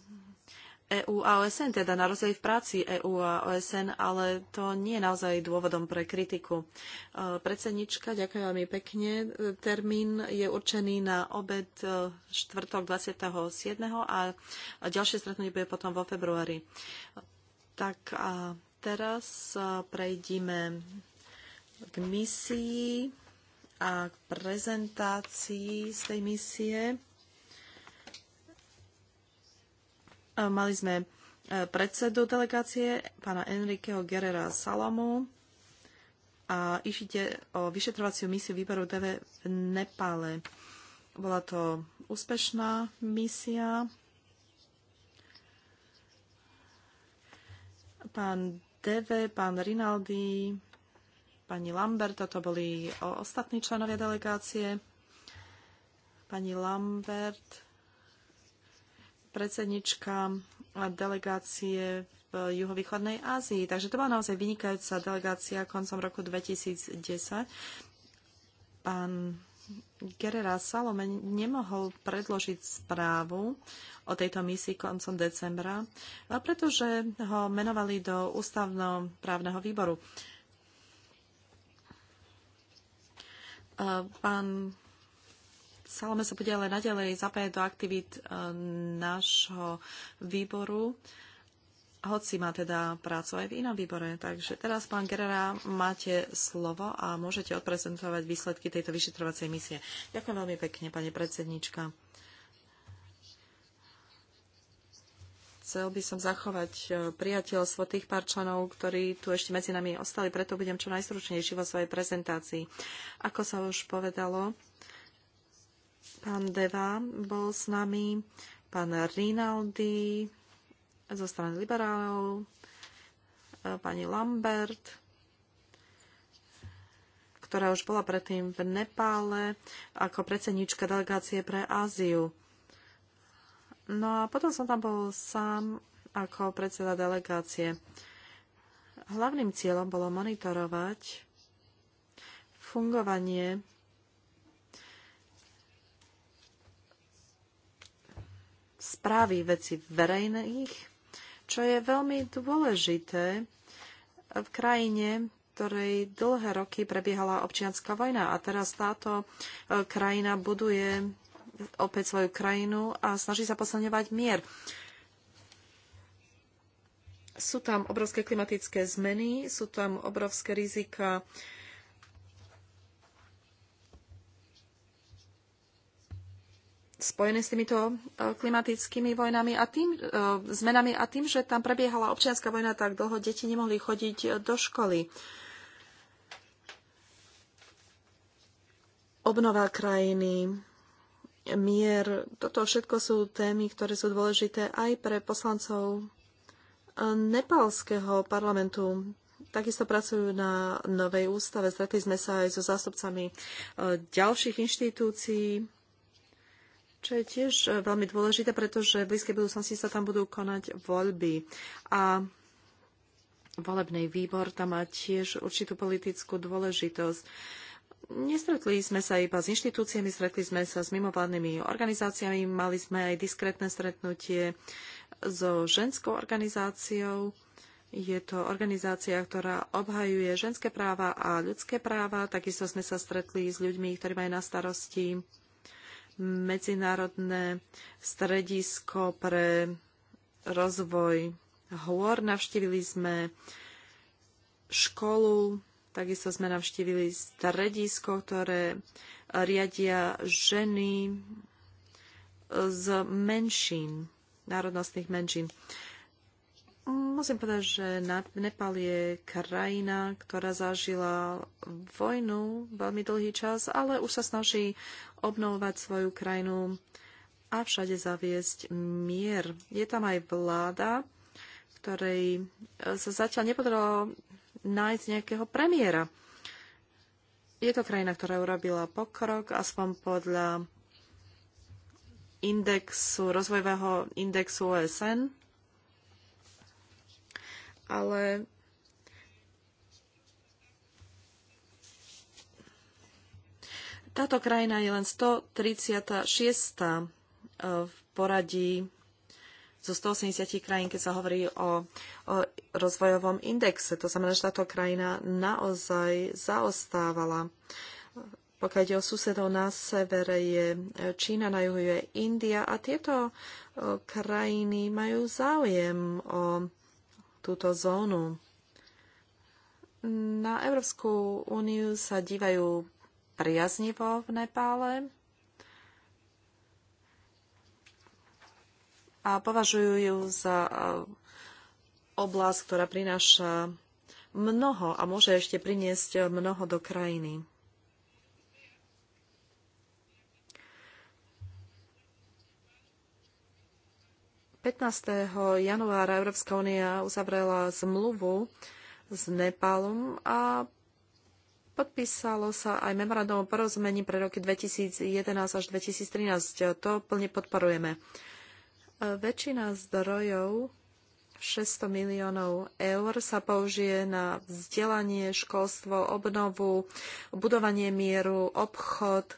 S3: EÚ a OSN, teda na rozdiel v práci EÚ a OSN, ale to nie je naozaj dôvodom pre kritiku. E, predsednička, ďakujem veľmi pekne. E, termín je určený na obed e, štvrtok 27. a ďalšie stretnutie bude potom vo februári. Tak a teraz prejdime k misii a k prezentácii z tej misie. Mali sme e, predsedu delegácie, pána Enriqueho Guerrera Salamu a išite o vyšetrovaciu misiu výberu DV v Nepále. Bola to úspešná misia. Pán DV, pán Rinaldi, pani Lambert, toto boli ostatní členovia delegácie. Pani Lambert predsednička delegácie v juhovýchodnej Ázii. Takže to bola naozaj vynikajúca delegácia koncom roku 2010. Pán Gerera Salome nemohol predložiť správu o tejto misii koncom decembra, pretože ho menovali do ústavno-právneho výboru. Pán Salome sa bude ale naďalej zapájať do aktivít e, nášho výboru, hoci má teda prácu aj v inom výbore. Takže teraz, pán Gerera, máte slovo a môžete odprezentovať výsledky tejto vyšetrovacej misie. Ďakujem veľmi pekne, pani predsednička. chcel by som zachovať e, priateľstvo tých pár členov, ktorí tu ešte medzi nami ostali, preto budem čo najstručnejší vo svojej prezentácii. Ako sa už povedalo, Pán Deva bol s nami, pán Rinaldi zo strany liberálov, e, pani Lambert, ktorá už bola predtým v Nepále ako predsednička delegácie pre Áziu. No a potom som tam bol sám ako predseda delegácie. Hlavným cieľom bolo monitorovať fungovanie správy veci verejných, čo je veľmi dôležité v krajine, ktorej dlhé roky prebiehala občianská vojna a teraz táto e, krajina buduje opäť svoju krajinu a snaží sa posilňovať mier. Sú tam obrovské klimatické zmeny, sú tam obrovské rizika spojené s týmito e, klimatickými vojnami a tým, e, zmenami a tým, že tam prebiehala občianská vojna tak dlho, deti nemohli chodiť e, do školy. Obnova krajiny, mier, toto všetko sú témy, ktoré sú dôležité aj pre poslancov nepalského parlamentu. Takisto pracujú na novej ústave. Stretli sme sa aj so zástupcami ďalších inštitúcií čo je tiež e, veľmi dôležité, pretože v blízkej budúcnosti sa tam budú konať voľby. A volebný výbor tam má tiež určitú politickú dôležitosť. Nestretli sme sa iba s inštitúciami, stretli sme sa s mimovládnymi organizáciami, mali sme aj diskrétne stretnutie so ženskou organizáciou. Je to organizácia, ktorá obhajuje ženské práva a ľudské práva. Takisto sme sa stretli s ľuďmi, ktorí majú na starosti medzinárodné stredisko pre rozvoj hôr. Navštívili sme školu, takisto sme navštívili stredisko, ktoré riadia ženy z menšín, národnostných menšín. Uh, Musím povedať, že Nepal je krajina, ktorá zažila vojnu veľmi dlhý čas, ale už sa snaží obnovovať svoju krajinu a všade zaviesť mier. Je tam aj vláda, ktorej e, sa zatiaľ nepodarilo nájsť nejakého premiéra. Je to krajina, ktorá urobila pokrok, aspoň podľa indexu, rozvojového indexu OSN ale táto krajina je len 136. Eh, v poradí zo 180 krajín, keď sa hovorí o, o rozvojovom indexe. To znamená, že táto krajina naozaj zaostávala. Pokiaľ ide o susedov na severe je Čína, na juhu je India a tieto eh, krajiny majú záujem o túto zónu. Na Európsku úniu sa dívajú priaznivo v Nepále a považujú ju za eh, oblasť, ktorá prináša mnoho a môže ešte priniesť mnoho do krajiny. 15. januára Európska únia uzavrela zmluvu s Nepálom a podpísalo sa aj memorandum o porozumení pre roky 2011 až 2013. To plne podporujeme. Väčšina zdrojov 600 miliónov eur sa použije na vzdelanie, školstvo, obnovu, budovanie mieru, obchod,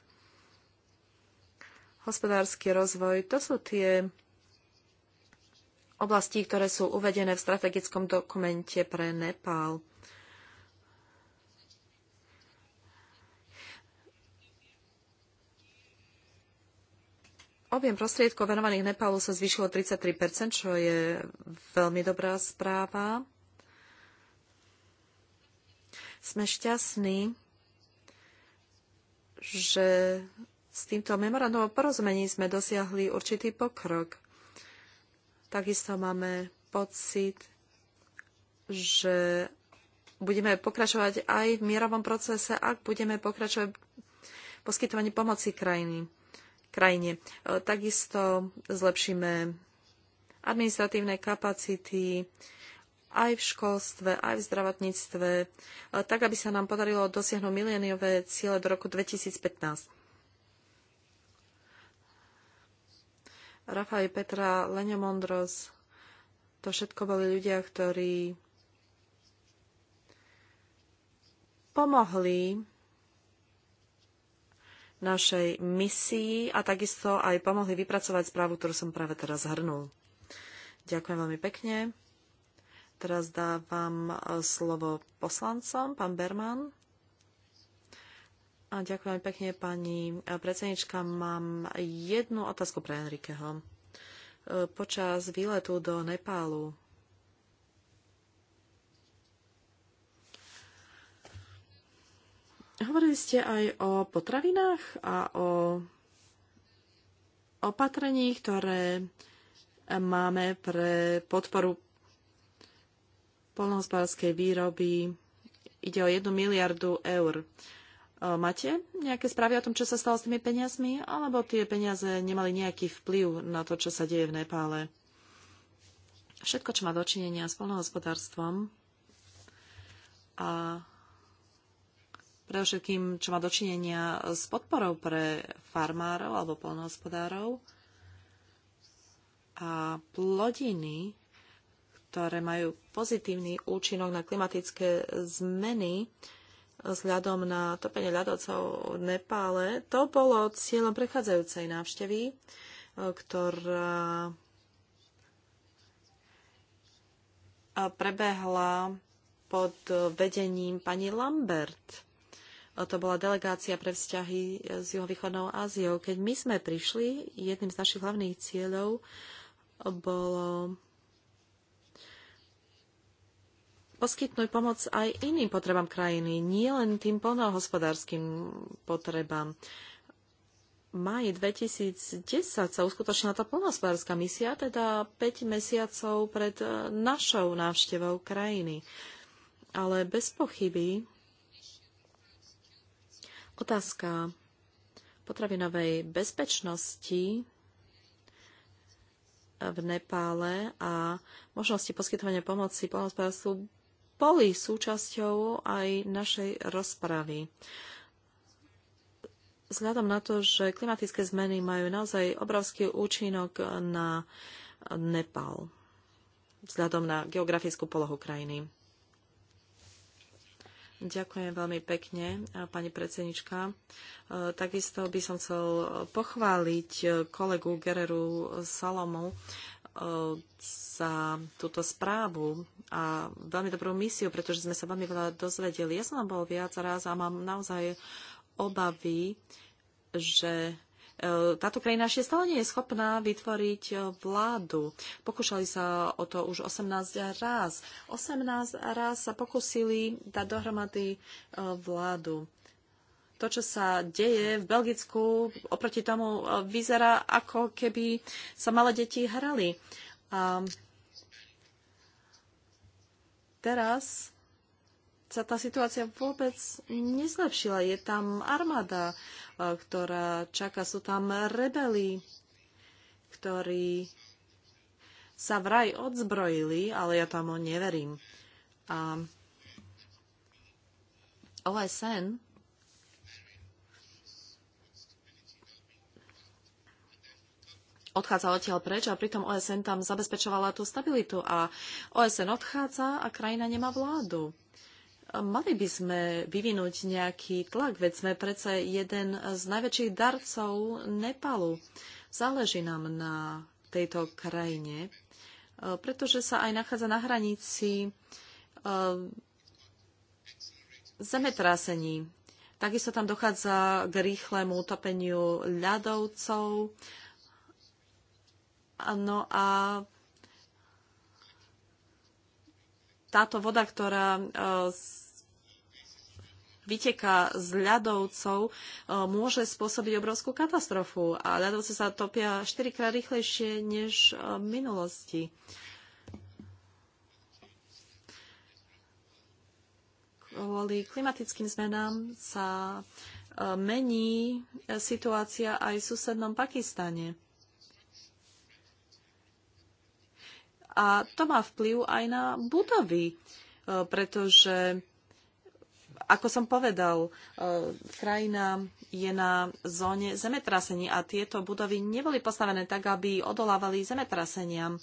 S3: hospodársky rozvoj. To sú tie oblastí, ktoré sú uvedené v strategickom dokumente pre Nepál. Objem prostriedkov venovaných Nepálu sa zvýšilo 33%, čo je veľmi dobrá správa. Sme šťastní, že s týmto memorandom o porozumení sme dosiahli určitý pokrok. Takisto máme pocit, že budeme pokračovať aj v mierovom procese, ak budeme pokračovať v poskytovaní pomoci krajiny, krajine. E, takisto zlepšíme administratívne kapacity aj v školstve, aj v zdravotníctve, e, tak aby sa nám podarilo dosiahnuť mileniové ciele do roku 2015. Rafaj Petra, Lenio Mondros, to všetko boli ľudia, ktorí pomohli našej misii a takisto aj pomohli vypracovať správu, ktorú som práve teraz zhrnul. Ďakujem veľmi pekne. Teraz dávam slovo poslancom, pán Berman. A ďakujem pekne, pani e, predsednička. Mám jednu otázku pre Enrikeho. E, počas výletu do Nepálu hovorili ste aj o potravinách a o opatrení, ktoré máme pre podporu polnohospodárskej výroby. Ide o jednu miliardu eur. E, máte nejaké správy o tom, čo sa stalo s tými peniazmi? Alebo tie peniaze nemali nejaký vplyv na to, čo sa deje v Nepále? Všetko, čo má dočinenia s polnohospodárstvom a pre všetkým, čo má dočinenia s podporou pre farmárov alebo polnohospodárov a plodiny, ktoré majú pozitívny účinok na klimatické zmeny, vzhľadom na topenie ľadovcov v Nepále. To bolo cieľom prechádzajúcej návštevy, e, ktorá prebehla pod vedením pani Lambert. E, to bola delegácia pre vzťahy s juhovýchodnou Áziou. Keď my sme prišli, jedným z našich hlavných cieľov bolo poskytnúť pomoc aj iným potrebám krajiny, nie len tým polnohospodárským potrebám. V maji 2010 sa uskutočnila tá polnohospodárska misia, teda 5 mesiacov pred e, našou návštevou krajiny. Ale bez pochyby otázka potravinovej bezpečnosti e, v Nepále a možnosti poskytovania pomoci polnohospodárstvu boli súčasťou aj našej rozpravy. Vzhľadom na to, že klimatické zmeny majú naozaj obrovský účinok na Nepal, vzhľadom na geografickú polohu krajiny. Ďakujem veľmi pekne, pani predsednička. E, takisto by som chcel pochváliť kolegu Gereru Salomu za túto správu a veľmi dobrú misiu, pretože sme sa veľmi veľa dozvedeli. Ja som bol viac raz a mám naozaj obavy, že e, táto krajina ešte stále nie je schopná vytvoriť e, vládu. Pokúšali sa o to už 18 raz. 18 raz sa pokúsili dať dohromady e, vládu to, čo sa deje v Belgicku, oproti tomu e, vyzerá, ako keby sa malé deti hrali. A teraz sa tá situácia vôbec nezlepšila. Je tam armáda, e, ktorá čaká, sú tam rebeli, ktorí sa vraj odzbrojili, ale ja tomu neverím. A OSN odchádza odtiaľ preč a pritom OSN tam zabezpečovala tú stabilitu a OSN odchádza a krajina nemá vládu. Mali by sme vyvinúť nejaký tlak, veď sme predsa jeden z najväčších darcov Nepalu. Záleží nám na tejto krajine, e, pretože sa aj nachádza na hranici e, zemetrásení. Takisto tam dochádza k rýchlemu utopeniu ľadovcov No a táto voda, ktorá e, vyteká z ľadovcov, e, môže spôsobiť obrovskú katastrofu. A ľadovce sa topia 4 krát rýchlejšie než e, v minulosti. Kvôli klimatickým zmenám sa mení situácia aj v susednom Pakistane. a to má vplyv aj na budovy, e, pretože ako som povedal, e, krajina je na zóne zemetrasení a tieto budovy neboli postavené tak, aby odolávali zemetraseniam.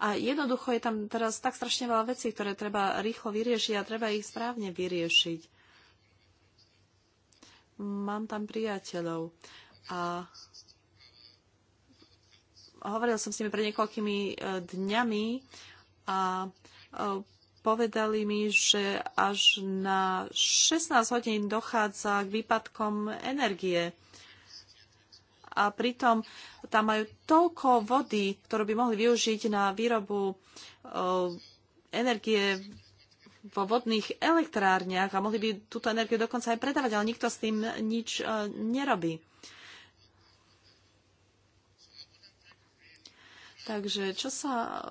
S3: A jednoducho je tam teraz tak strašne veľa vecí, ktoré treba rýchlo vyriešiť a treba ich správne vyriešiť mám tam priateľov a hovoril som s nimi pred niekoľkými e, dňami a e, povedali mi, že až na 16 hodín dochádza k výpadkom energie. A pritom tam majú toľko vody, ktorú by mohli využiť na výrobu e, energie vo vodných elektrárniach a mohli by túto energiu dokonca aj predávať, ale nikto s tým nič e, nerobí. Takže čo sa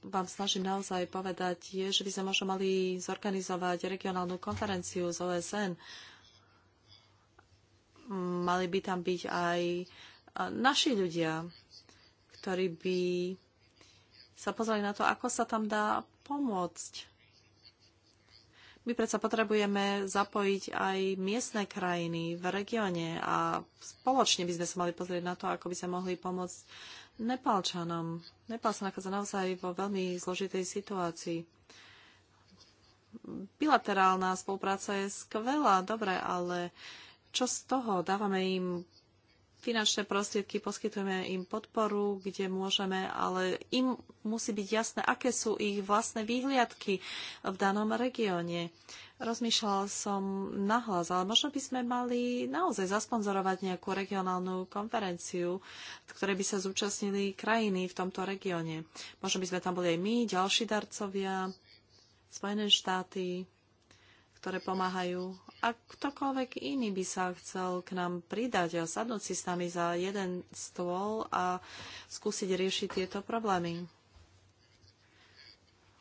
S3: vám snažím naozaj povedať je, že by sme možno mali zorganizovať regionálnu konferenciu z OSN. Mali by tam byť aj e, naši ľudia, ktorí by sa pozreli na to, ako sa tam dá pomôcť my predsa potrebujeme zapojiť aj miestne krajiny v regióne a spoločne by sme sa mali pozrieť na to, ako by sa mohli pomôcť Nepalčanom. Nepal sa nachádza naozaj vo veľmi zložitej situácii. Bilaterálna spolupráca je skvelá, dobre, ale čo z toho? Dávame im finančné prostriedky, poskytujeme im podporu, kde môžeme, ale im musí byť jasné, aké sú ich vlastné výhliadky v danom regióne. Rozmýšľala som nahlas, ale možno by sme mali naozaj zasponzorovať nejakú regionálnu konferenciu, v ktorej by sa zúčastnili krajiny v tomto regióne. Možno by sme tam boli aj my, ďalší darcovia, Spojené štáty, ktoré pomáhajú a ktokoľvek iný by sa chcel k nám pridať a sadnúť si s nami za jeden stôl a skúsiť riešiť tieto problémy.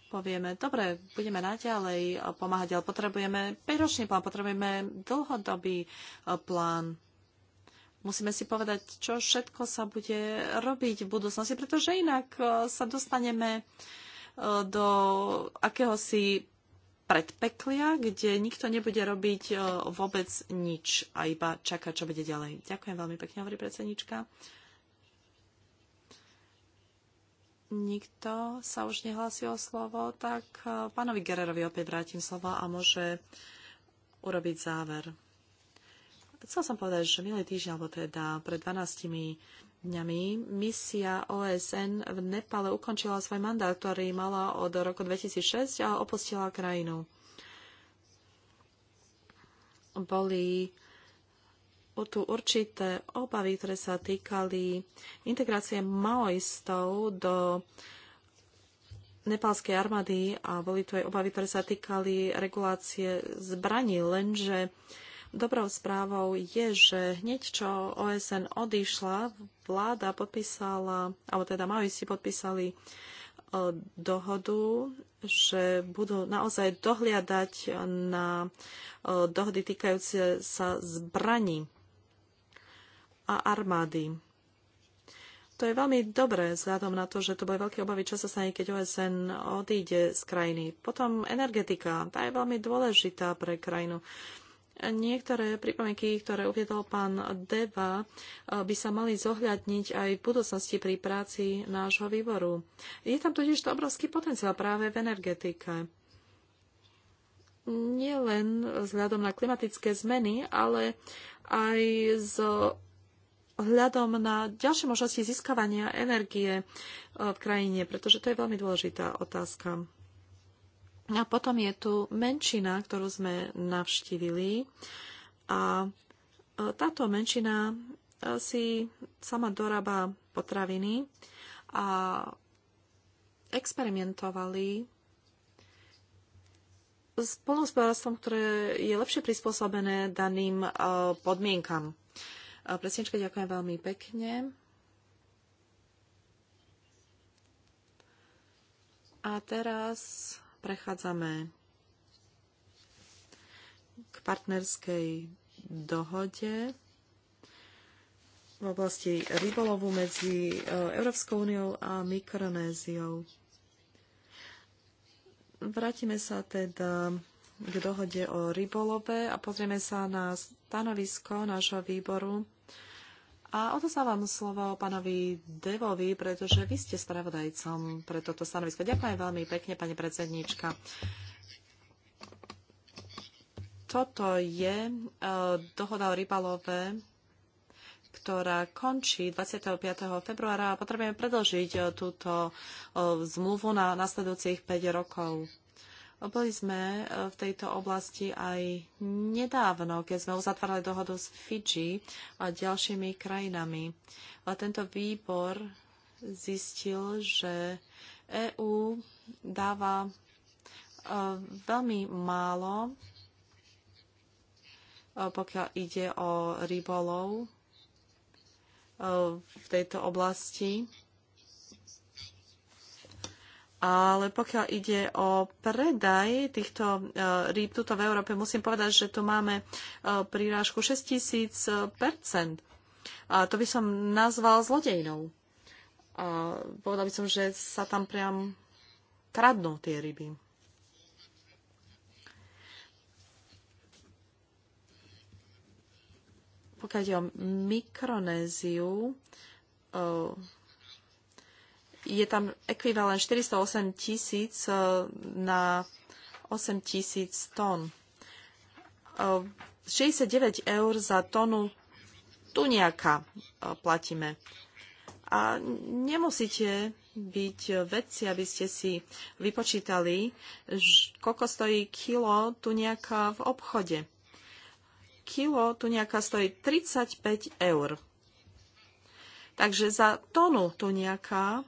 S3: Povieme, dobre, budeme naďalej pomáhať, ale potrebujeme 5-ročný plán, potrebujeme dlhodobý e, plán musíme si povedať, čo všetko sa bude robiť v budúcnosti, pretože inak e, sa dostaneme e, do akéhosi predpeklia, kde nikto nebude robiť e, vôbec nič a iba čakať, čo bude ďalej. Ďakujem veľmi pekne, hovorí predsednička. Nikto sa už nehlási o slovo, tak e, pánovi Gererovi opäť vrátim slovo a môže urobiť záver. Chcel som povedať, že minulý týždeň, alebo teda pred 12 dňami misia OSN v Nepale ukončila svoj mandát, ktorý mala od roku 2006 a opustila krajinu. Boli tu určité obavy, ktoré sa týkali integrácie maoistov do Nepalskej armády a boli tu aj obavy, ktoré sa týkali regulácie zbraní, lenže uh, Dobrou správou je, že hneď čo OSN odišla, vláda podpísala, alebo teda Maoisti podpísali e, dohodu, že budú naozaj dohliadať na e, dohody týkajúce sa zbraní a armády. To je veľmi dobré vzhľadom na to, že to bude veľké obavy, čo sa stane, keď OSN odíde z krajiny. Potom energetika, tá je veľmi dôležitá pre krajinu. Niektoré pripomienky, ktoré uviedol pán Deva, eh, by sa mali zohľadniť aj v budúcnosti pri práci nášho výboru. Je tam totiž to obrovský potenciál práve v energetike. len vzhľadom na klimatické zmeny, ale aj z hľadom na ďalšie možnosti získavania energie eh, v krajine, pretože to je veľmi dôležitá otázka. A potom je tu menšina, ktorú sme navštívili a e, táto menšina e, si sama dorába potraviny a experimentovali s polnospodárstvom, ktoré je lepšie prispôsobené daným e, podmienkam. Presnečka, ďakujem veľmi pekne. A teraz prechádzame k partnerskej dohode v oblasti rybolovu medzi e, Európskou úniou a Mikronéziou. Vrátime sa teda k dohode o rybolove a pozrieme sa na stanovisko nášho výboru a odozávam slovo pánovi Devovi, pretože vy ste spravodajcom pre toto stanovisko. Ďakujem veľmi pekne, pani predsednička. Toto je uh, dohoda o rybalove, ktorá končí 25. februára a potrebujeme predlžiť uh, túto uh, zmluvu na nasledujúcich 5 rokov. Boli sme e, v tejto oblasti aj nedávno, keď sme uzatvárali dohodu s Fidži a ďalšími krajinami. A tento výbor zistil, že EÚ dáva e, veľmi málo, e, pokiaľ ide o rybolov v tejto oblasti ale pokiaľ ide o predaj týchto e, rýb tuto v Európe, musím povedať, že tu máme e, prírážku 6000 A to by som nazval zlodejnou. A povedal by som, že sa tam priam kradnú tie ryby. Pokiaľ ide o Mikronéziu, e, je tam ekvivalent 408 tisíc e, na 8 tisíc tón. 69 e, eur za tonu tuniaka e, platíme. A nemusíte byť vedci, aby ste si vypočítali, koľko stojí kilo tuniaka v obchode. Kilo tuniaka stojí 35 eur. Takže za tonu tuniaka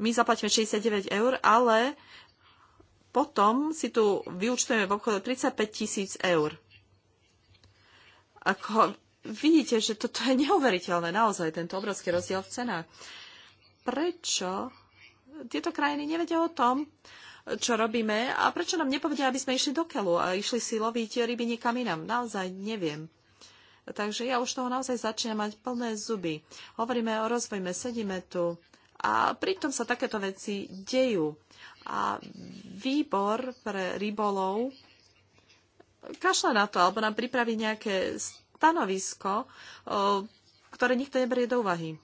S3: my zaplatíme 69 eur, ale potom si tu vyúčtujeme v obchode 35 tisíc eur. Ako vidíte, že toto je neuveriteľné, naozaj, tento obrovský rozdiel v cenách. Prečo tieto krajiny nevedia o tom, čo robíme a prečo nám nepovedia, aby sme išli do kelu a išli si loviť ryby niekam inám? Naozaj neviem. Takže ja už toho naozaj začínam mať plné zuby. Hovoríme o rozvojme, sedíme tu a pritom sa takéto veci dejú. A výbor pre rybolov kašle na to, alebo nám pripraví nejaké stanovisko, ktoré nikto neberie do úvahy.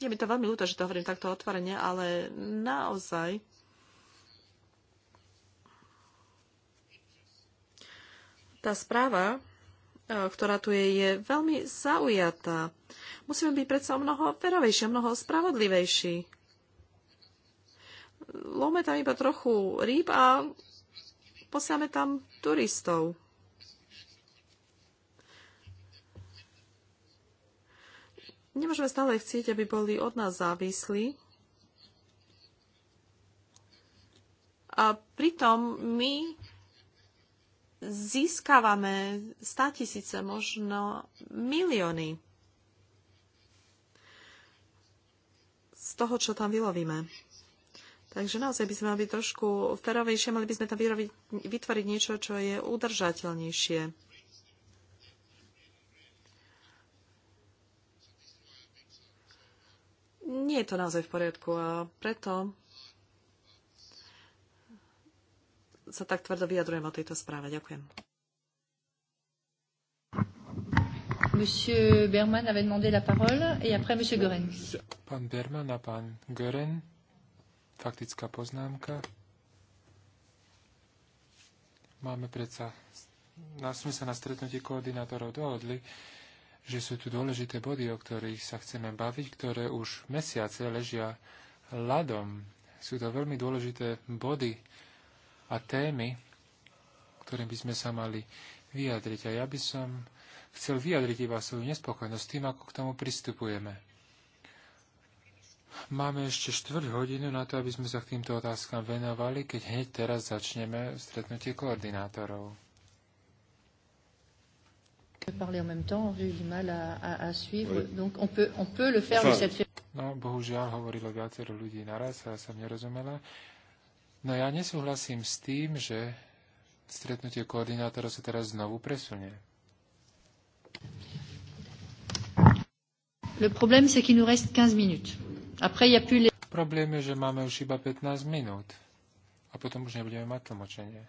S3: Je mi to veľmi ľúto, že to hovorím takto otvorene, ale naozaj tá správa, e, ktorá tu je, je veľmi zaujatá. Musíme byť predsa mnoho ferovejší, mnoho spravodlivejší. Lome tam iba trochu rýb a posiame tam turistov. Nemôžeme stále chcieť, aby boli od nás závislí. A pritom my získavame státisíce, možno milióny. z toho, čo tam vylovíme. Takže naozaj by sme mali byť trošku ferovejšie, mali by sme tam vyroviť, vytvoriť niečo, čo je udržateľnejšie. Nie je to naozaj v poriadku a preto sa tak tvrdo vyjadrujem o tejto
S2: správe. Ďakujem.
S3: Monsieur
S1: Berman avait demandé la parole et après Monsieur Goren.
S2: Pán Berman a pán Goren. Faktická poznámka. Máme predsa, na, sme sa na stretnutí koordinátorov dohodli, že sú tu dôležité body, o ktorých sa chceme baviť, ktoré už mesiace ležia ľadom. Sú to veľmi dôležité body a témy, ktorým by sme sa mali vyjadriť. A ja by som chcel vyjadriť iba svoju nespokojnosť tým, ako k tomu pristupujeme. Máme ešte štvrť hodinu na to, aby sme sa k týmto otázkam venovali, keď hneď teraz začneme stretnutie koordinátorov. No, bohužiaľ, hovorilo viacero ľudí naraz a ja som nerozumela. No ja nesúhlasím s tým, že stretnutie koordinátorov sa teraz znovu presunie. Problém je, že máme už iba 15 minút. A potom už nebudeme mať tlmočenie.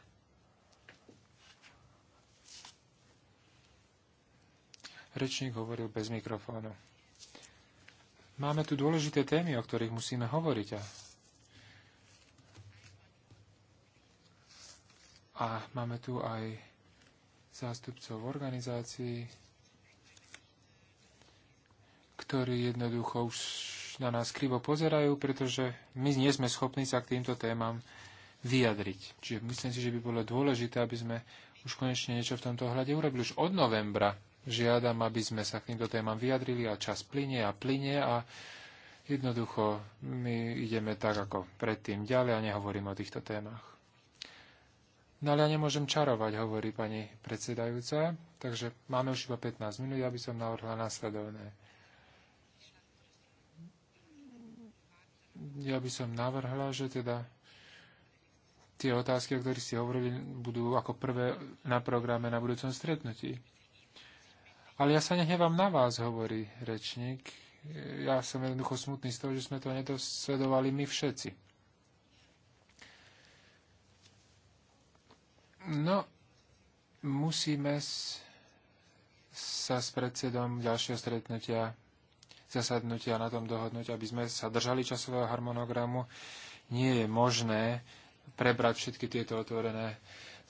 S2: Rečník hovoril bez mikrofónu. Máme tu dôležité témy, o ktorých musíme hovoriť. A, a máme tu aj zástupcov organizácií, ktorí jednoducho už na nás krivo pozerajú, pretože my nie sme schopní sa k týmto témam vyjadriť. Čiže myslím si, že by bolo dôležité, aby sme už konečne niečo v tomto hľade urobili. Už od novembra žiadam, aby sme sa k týmto témam vyjadrili a čas plinie a plinie a jednoducho my ideme tak ako predtým ďalej a nehovorím o týchto témach. No ale ja nemôžem čarovať, hovorí pani predsedajúca, takže máme už iba 15 minút, aby som navrhla následovné. ja by som navrhla, že teda tie otázky, o ktorých ste hovorili, budú ako prvé na programe na budúcom stretnutí. Ale ja sa nehnevám na vás, hovorí rečník. Ja som jednoducho smutný z toho, že sme to nedosledovali my všetci. No, musíme sa s predsedom ďalšieho stretnutia zasadnutia na tom dohodnúť, aby sme sa držali časového harmonogramu. Nie je možné prebrať všetky tieto otvorené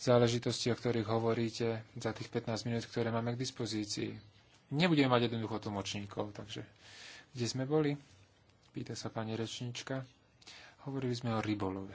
S2: záležitosti, o ktorých hovoríte za tých 15 minút, ktoré máme k dispozícii. Nebudeme mať jednoducho tlmočníkov, takže kde sme boli? Pýta sa pani rečnička. Hovorili sme o rybolove.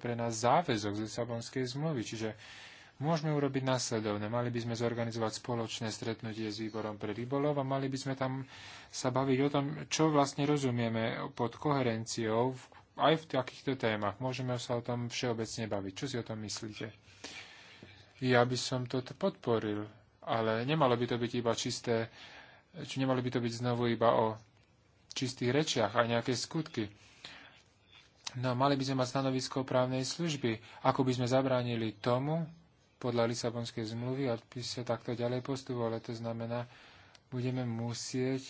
S2: pre nás záväzok z Lisabonskej zmluvy, čiže môžeme urobiť následovné. Mali by sme zorganizovať spoločné stretnutie s výborom pre rybolov a mali by sme tam sa baviť o tom, čo vlastne rozumieme pod koherenciou aj v takýchto témach. Môžeme sa o tom všeobecne baviť. Čo si o tom myslíte? Ja by som to podporil, ale nemalo by to byť iba čisté, či nemalo by to byť znovu iba o čistých rečiach a nejaké skutky. No mali by sme mať stanovisko právnej služby, ako by sme zabránili tomu, podľa Lisabonskej zmluvy, a by sa takto ďalej postupovalo. To znamená, budeme musieť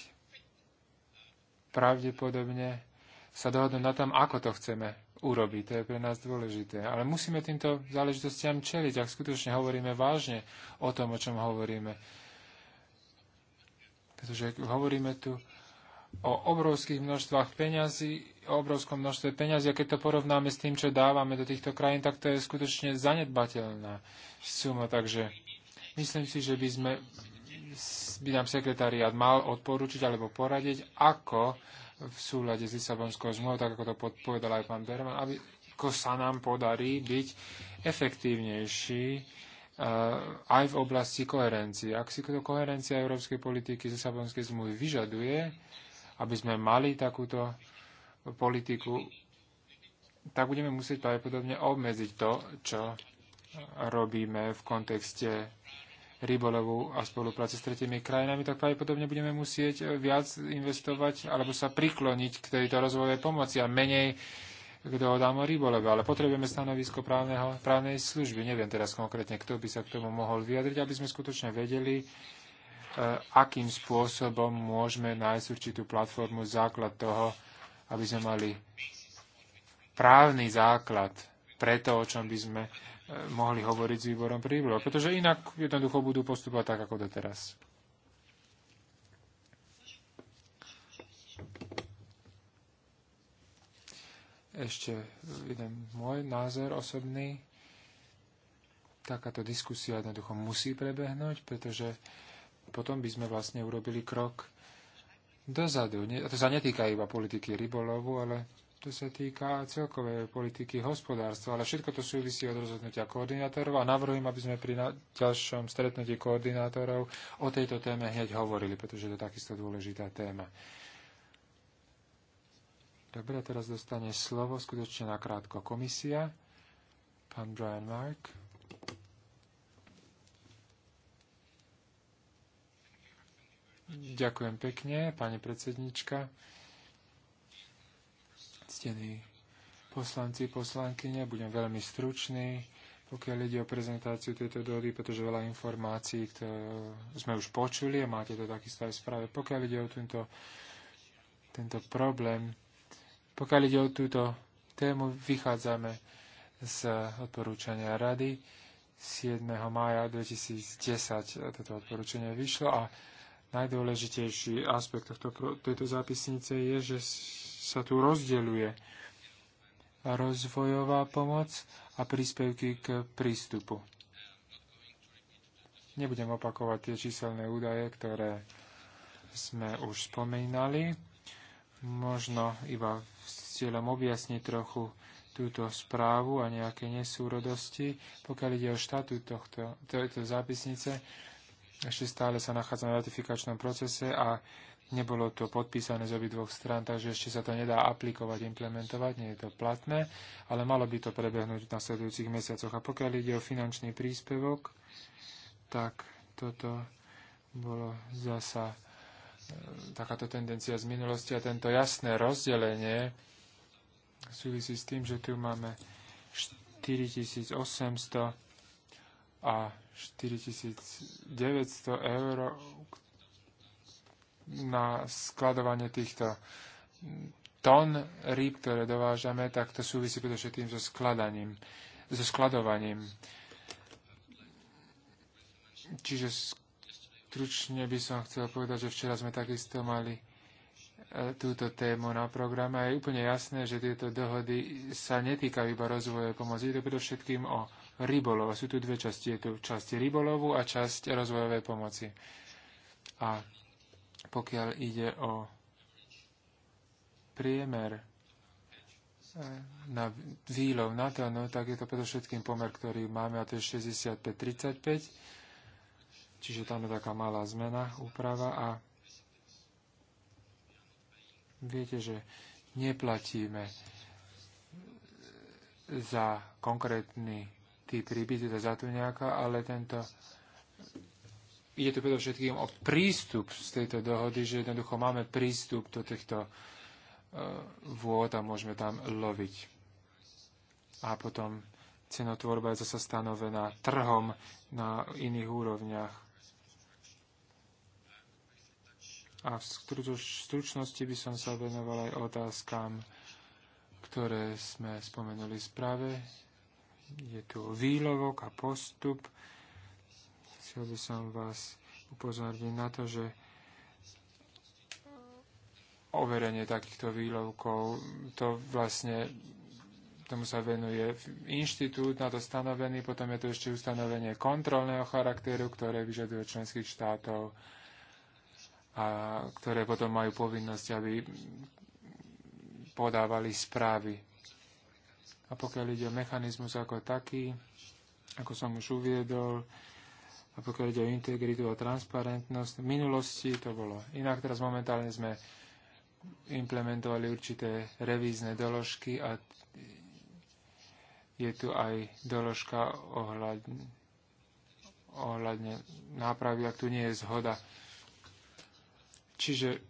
S2: pravdepodobne sa dohodnúť na tom, ako to chceme urobiť. To je pre nás dôležité. Ale musíme týmto záležitostiam čeliť, ak skutočne hovoríme vážne o tom, o čom hovoríme. Pretože hovoríme tu o obrovských množstvách peňazí, o obrovskom množstve peňazí a keď to porovnáme s tým, čo dávame do týchto krajín, tak to je skutočne zanedbateľná suma. Takže myslím si, že by, sme, by nám sekretariat mal odporúčiť alebo poradiť, ako v súlade s Lisabonskou zmluvou, tak ako to povedal aj pán Berman, aby, ako sa nám podarí byť efektívnejší uh, aj v oblasti koherencie. Ak si to koherencia európskej politiky z Lisabonskej zmluvy vyžaduje, aby sme mali takúto politiku, tak budeme musieť pravdepodobne obmedziť to, čo robíme v kontexte rybolovu a spolupráce s tretimi krajinami, tak pravdepodobne budeme musieť viac investovať alebo sa prikloniť k tejto rozvojovej pomoci a menej k dohodám o rybolove. Ale potrebujeme stanovisko právneho, právnej služby. Neviem teraz konkrétne, kto by sa k tomu mohol vyjadriť, aby sme skutočne vedeli, e, akým spôsobom môžeme nájsť určitú platformu, základ toho, aby sme mali právny základ pre to, o čom by sme eh, mohli hovoriť s výborom príblo. Pretože inak jednoducho budú postupovať tak, ako doteraz. Ešte jeden môj názor osobný. Takáto diskusia jednoducho musí prebehnúť, pretože potom by sme vlastne urobili krok dozadu. A to sa netýka iba politiky rybolovu, ale to sa týka celkovej politiky hospodárstva. Ale všetko to súvisí od rozhodnutia koordinátorov a navrhujem, aby sme pri ďalšom stretnutí koordinátorov o tejto téme hneď hovorili, pretože to je takisto dôležitá téma. Dobre, teraz dostane slovo skutočne krátko komisia. Pán Brian Mark. Ďakujem pekne, pani predsednička. Ctení poslanci, poslankyne, budem veľmi stručný, pokiaľ ide o prezentáciu tejto dohody, pretože veľa informácií ktoré sme už počuli a máte to takisto aj v správe. Pokiaľ ide o tento, tento problém, pokiaľ ide o túto tému, vychádzame z odporúčania rady. 7. mája 2010 toto odporúčanie vyšlo a najdôležitejší aspekt tohto, tejto zápisnice je, že sa tu rozdeľuje rozvojová pomoc a príspevky k prístupu. Nebudem opakovať tie číselné údaje, ktoré sme už spomínali. Možno iba s cieľom objasniť trochu túto správu a nejaké nesúrodosti. Pokiaľ ide o štatút tohto, tejto zápisnice, ešte stále sa nachádza na ratifikačnom procese a nebolo to podpísané z obidvoch strán, takže ešte sa to nedá aplikovať, implementovať, nie je to platné, ale malo by to prebehnúť v nasledujúcich mesiacoch. A pokiaľ ide o finančný príspevok, tak toto bolo zasa e, takáto tendencia z minulosti a tento jasné rozdelenie súvisí s tým, že tu máme 4800 a 4900 eur na skladovanie týchto tón rýb, ktoré dovážame, tak to súvisí predovšetkým so skladaním, so skladovaním. Čiže stručne by som chcel povedať, že včera sme takisto mali e, túto tému na programe. A je úplne jasné, že tieto dohody sa netýkajú iba rozvojovej pomoci. Je to predovšetkým o rybolov. Sú tu dve časti. Je tu časť rybolovu a časť rozvojovej pomoci. A pokiaľ ide o priemer eh, na výlov na tonu, tak je to predovšetkým pomer, ktorý máme, a to je 65-35, čiže tam je taká malá zmena, úprava a viete, že neplatíme za konkrétny tí príbyty za Zatuňáka, ale tento ide tu predovšetkým o prístup z tejto dohody, že jednoducho máme prístup do týchto eh, vôd a môžeme tam loviť. A potom cenotvorba je zase stanovená trhom na iných úrovniach. A v stručnosti by som sa venoval aj otázkam, ktoré sme spomenuli správe je tu výlovok a postup. Chcel by som vás upozorniť na to, že overenie takýchto výlovkov, to vlastne tomu sa venuje inštitút na to stanovený, potom je to ešte ustanovenie kontrolného charakteru, ktoré vyžaduje členských štátov a ktoré potom majú povinnosť, aby podávali správy a pokiaľ ide o mechanizmus ako taký, ako som už uviedol, a pokiaľ ide o integritu a transparentnosť, v minulosti to bolo. Inak teraz momentálne sme implementovali určité revízne doložky a je tu aj doložka ohľadne, ohľadne nápravy, ak tu nie je zhoda. Čiže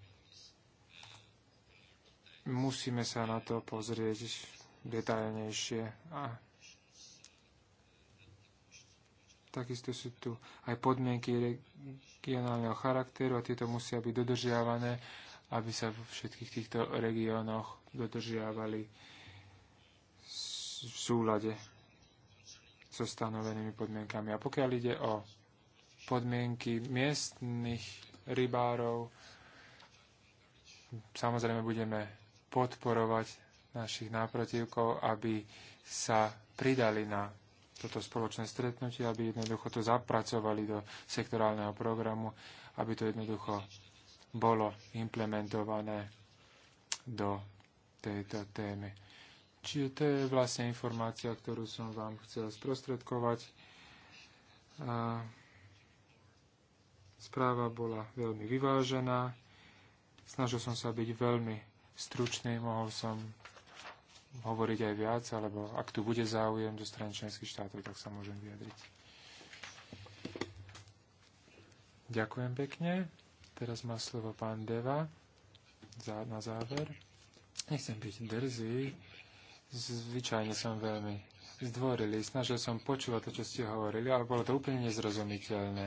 S2: musíme sa na to pozrieť detailnejšie. A takisto sú tu aj podmienky regionálneho charakteru a tieto musia byť dodržiavané, aby sa vo všetkých týchto regiónoch dodržiavali v súlade so stanovenými podmienkami. A pokiaľ ide o podmienky miestnych rybárov, samozrejme budeme podporovať našich náprotivkov, aby sa pridali na toto spoločné stretnutie, aby jednoducho to zapracovali do sektorálneho programu, aby to jednoducho bolo implementované do tejto témy. Čiže to je vlastne informácia, ktorú som vám chcel sprostredkovať. Správa bola veľmi vyvážená. Snažil som sa byť veľmi stručný, mohol som hovoriť aj viac, alebo ak tu bude záujem zo strany členských štátov, tak sa môžem vyjadriť. Ďakujem pekne. Teraz má slovo pán Deva za, na záver. Nechcem byť drzý. Zvyčajne som veľmi zdvorili. Snažil som počúvať to, čo ste hovorili, ale bolo to úplne nezrozumiteľné.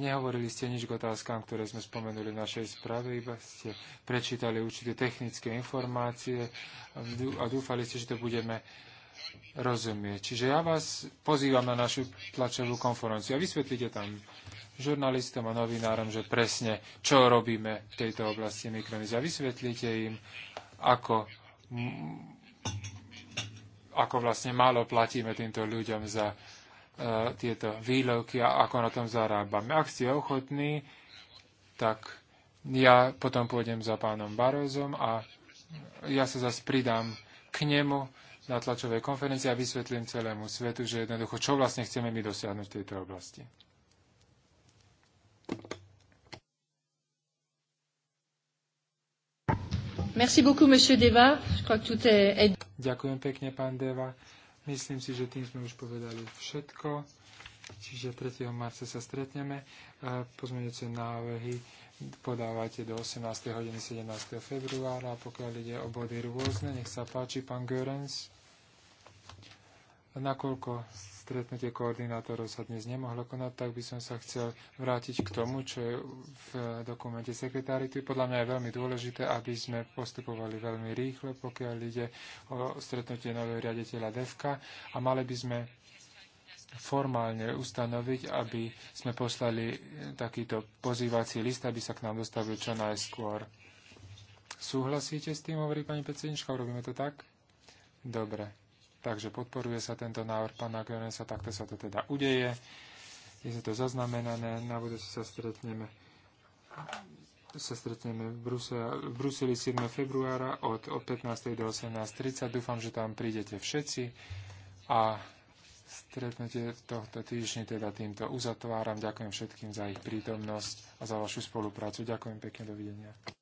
S2: Nehovorili ste nič k otázkam, ktoré sme spomenuli v našej správe, iba ste prečítali určité technické informácie a dúfali ste, že to budeme rozumieť. Čiže ja vás pozývam na našu tlačovú konferenciu a vysvetlite tam žurnalistom a novinárom, že presne čo robíme v tejto oblasti mikronizia. Vysvetlite im, ako, ako vlastne málo platíme týmto ľuďom za E, tieto výlovky a ako na tom zarábame. Ak ste ochotní, tak ja potom pôjdem za pánom Barozom a ja sa zase pridám k nemu na tlačovej konferencii a vysvetlím celému svetu, že jednoducho, čo vlastne chceme my dosiahnuť v tejto oblasti. Merci beaucoup, monsieur Deva. Je crois que tout est... Ďakujem pekne, pán Deva. Myslím si, že tým sme už povedali všetko. Čiže 3. marca sa stretneme. Pozmeňujúce návrhy podávate do 18. hodiny 17. februára. Pokiaľ ide o body rôzne, nech sa páči, pán Görens. Nakoľko stretnutie koordinátorov sa dnes nemohlo konať, tak by som sa chcel vrátiť k tomu, čo je v dokumente sekretárity. Podľa mňa je veľmi dôležité, aby sme postupovali veľmi rýchlo, pokiaľ ide o stretnutie nového riaditeľa DEFKA a mali by sme formálne ustanoviť, aby sme poslali takýto pozývací list, aby sa k nám dostavil čo najskôr. Súhlasíte s tým, hovorí pani predsednička, urobíme to tak? Dobre. Takže podporuje sa tento návrh pána Gönesa, takto sa to teda udeje. Je sa to zaznamenané, na budúce sa stretneme sa stretneme v, Brusel, v Bruseli 7. februára od, od 15. do 18.30. Dúfam, že tam prídete všetci a stretnete tohto týždni teda týmto uzatváram. Ďakujem všetkým za ich prítomnosť a za vašu spoluprácu. Ďakujem pekne, dovidenia.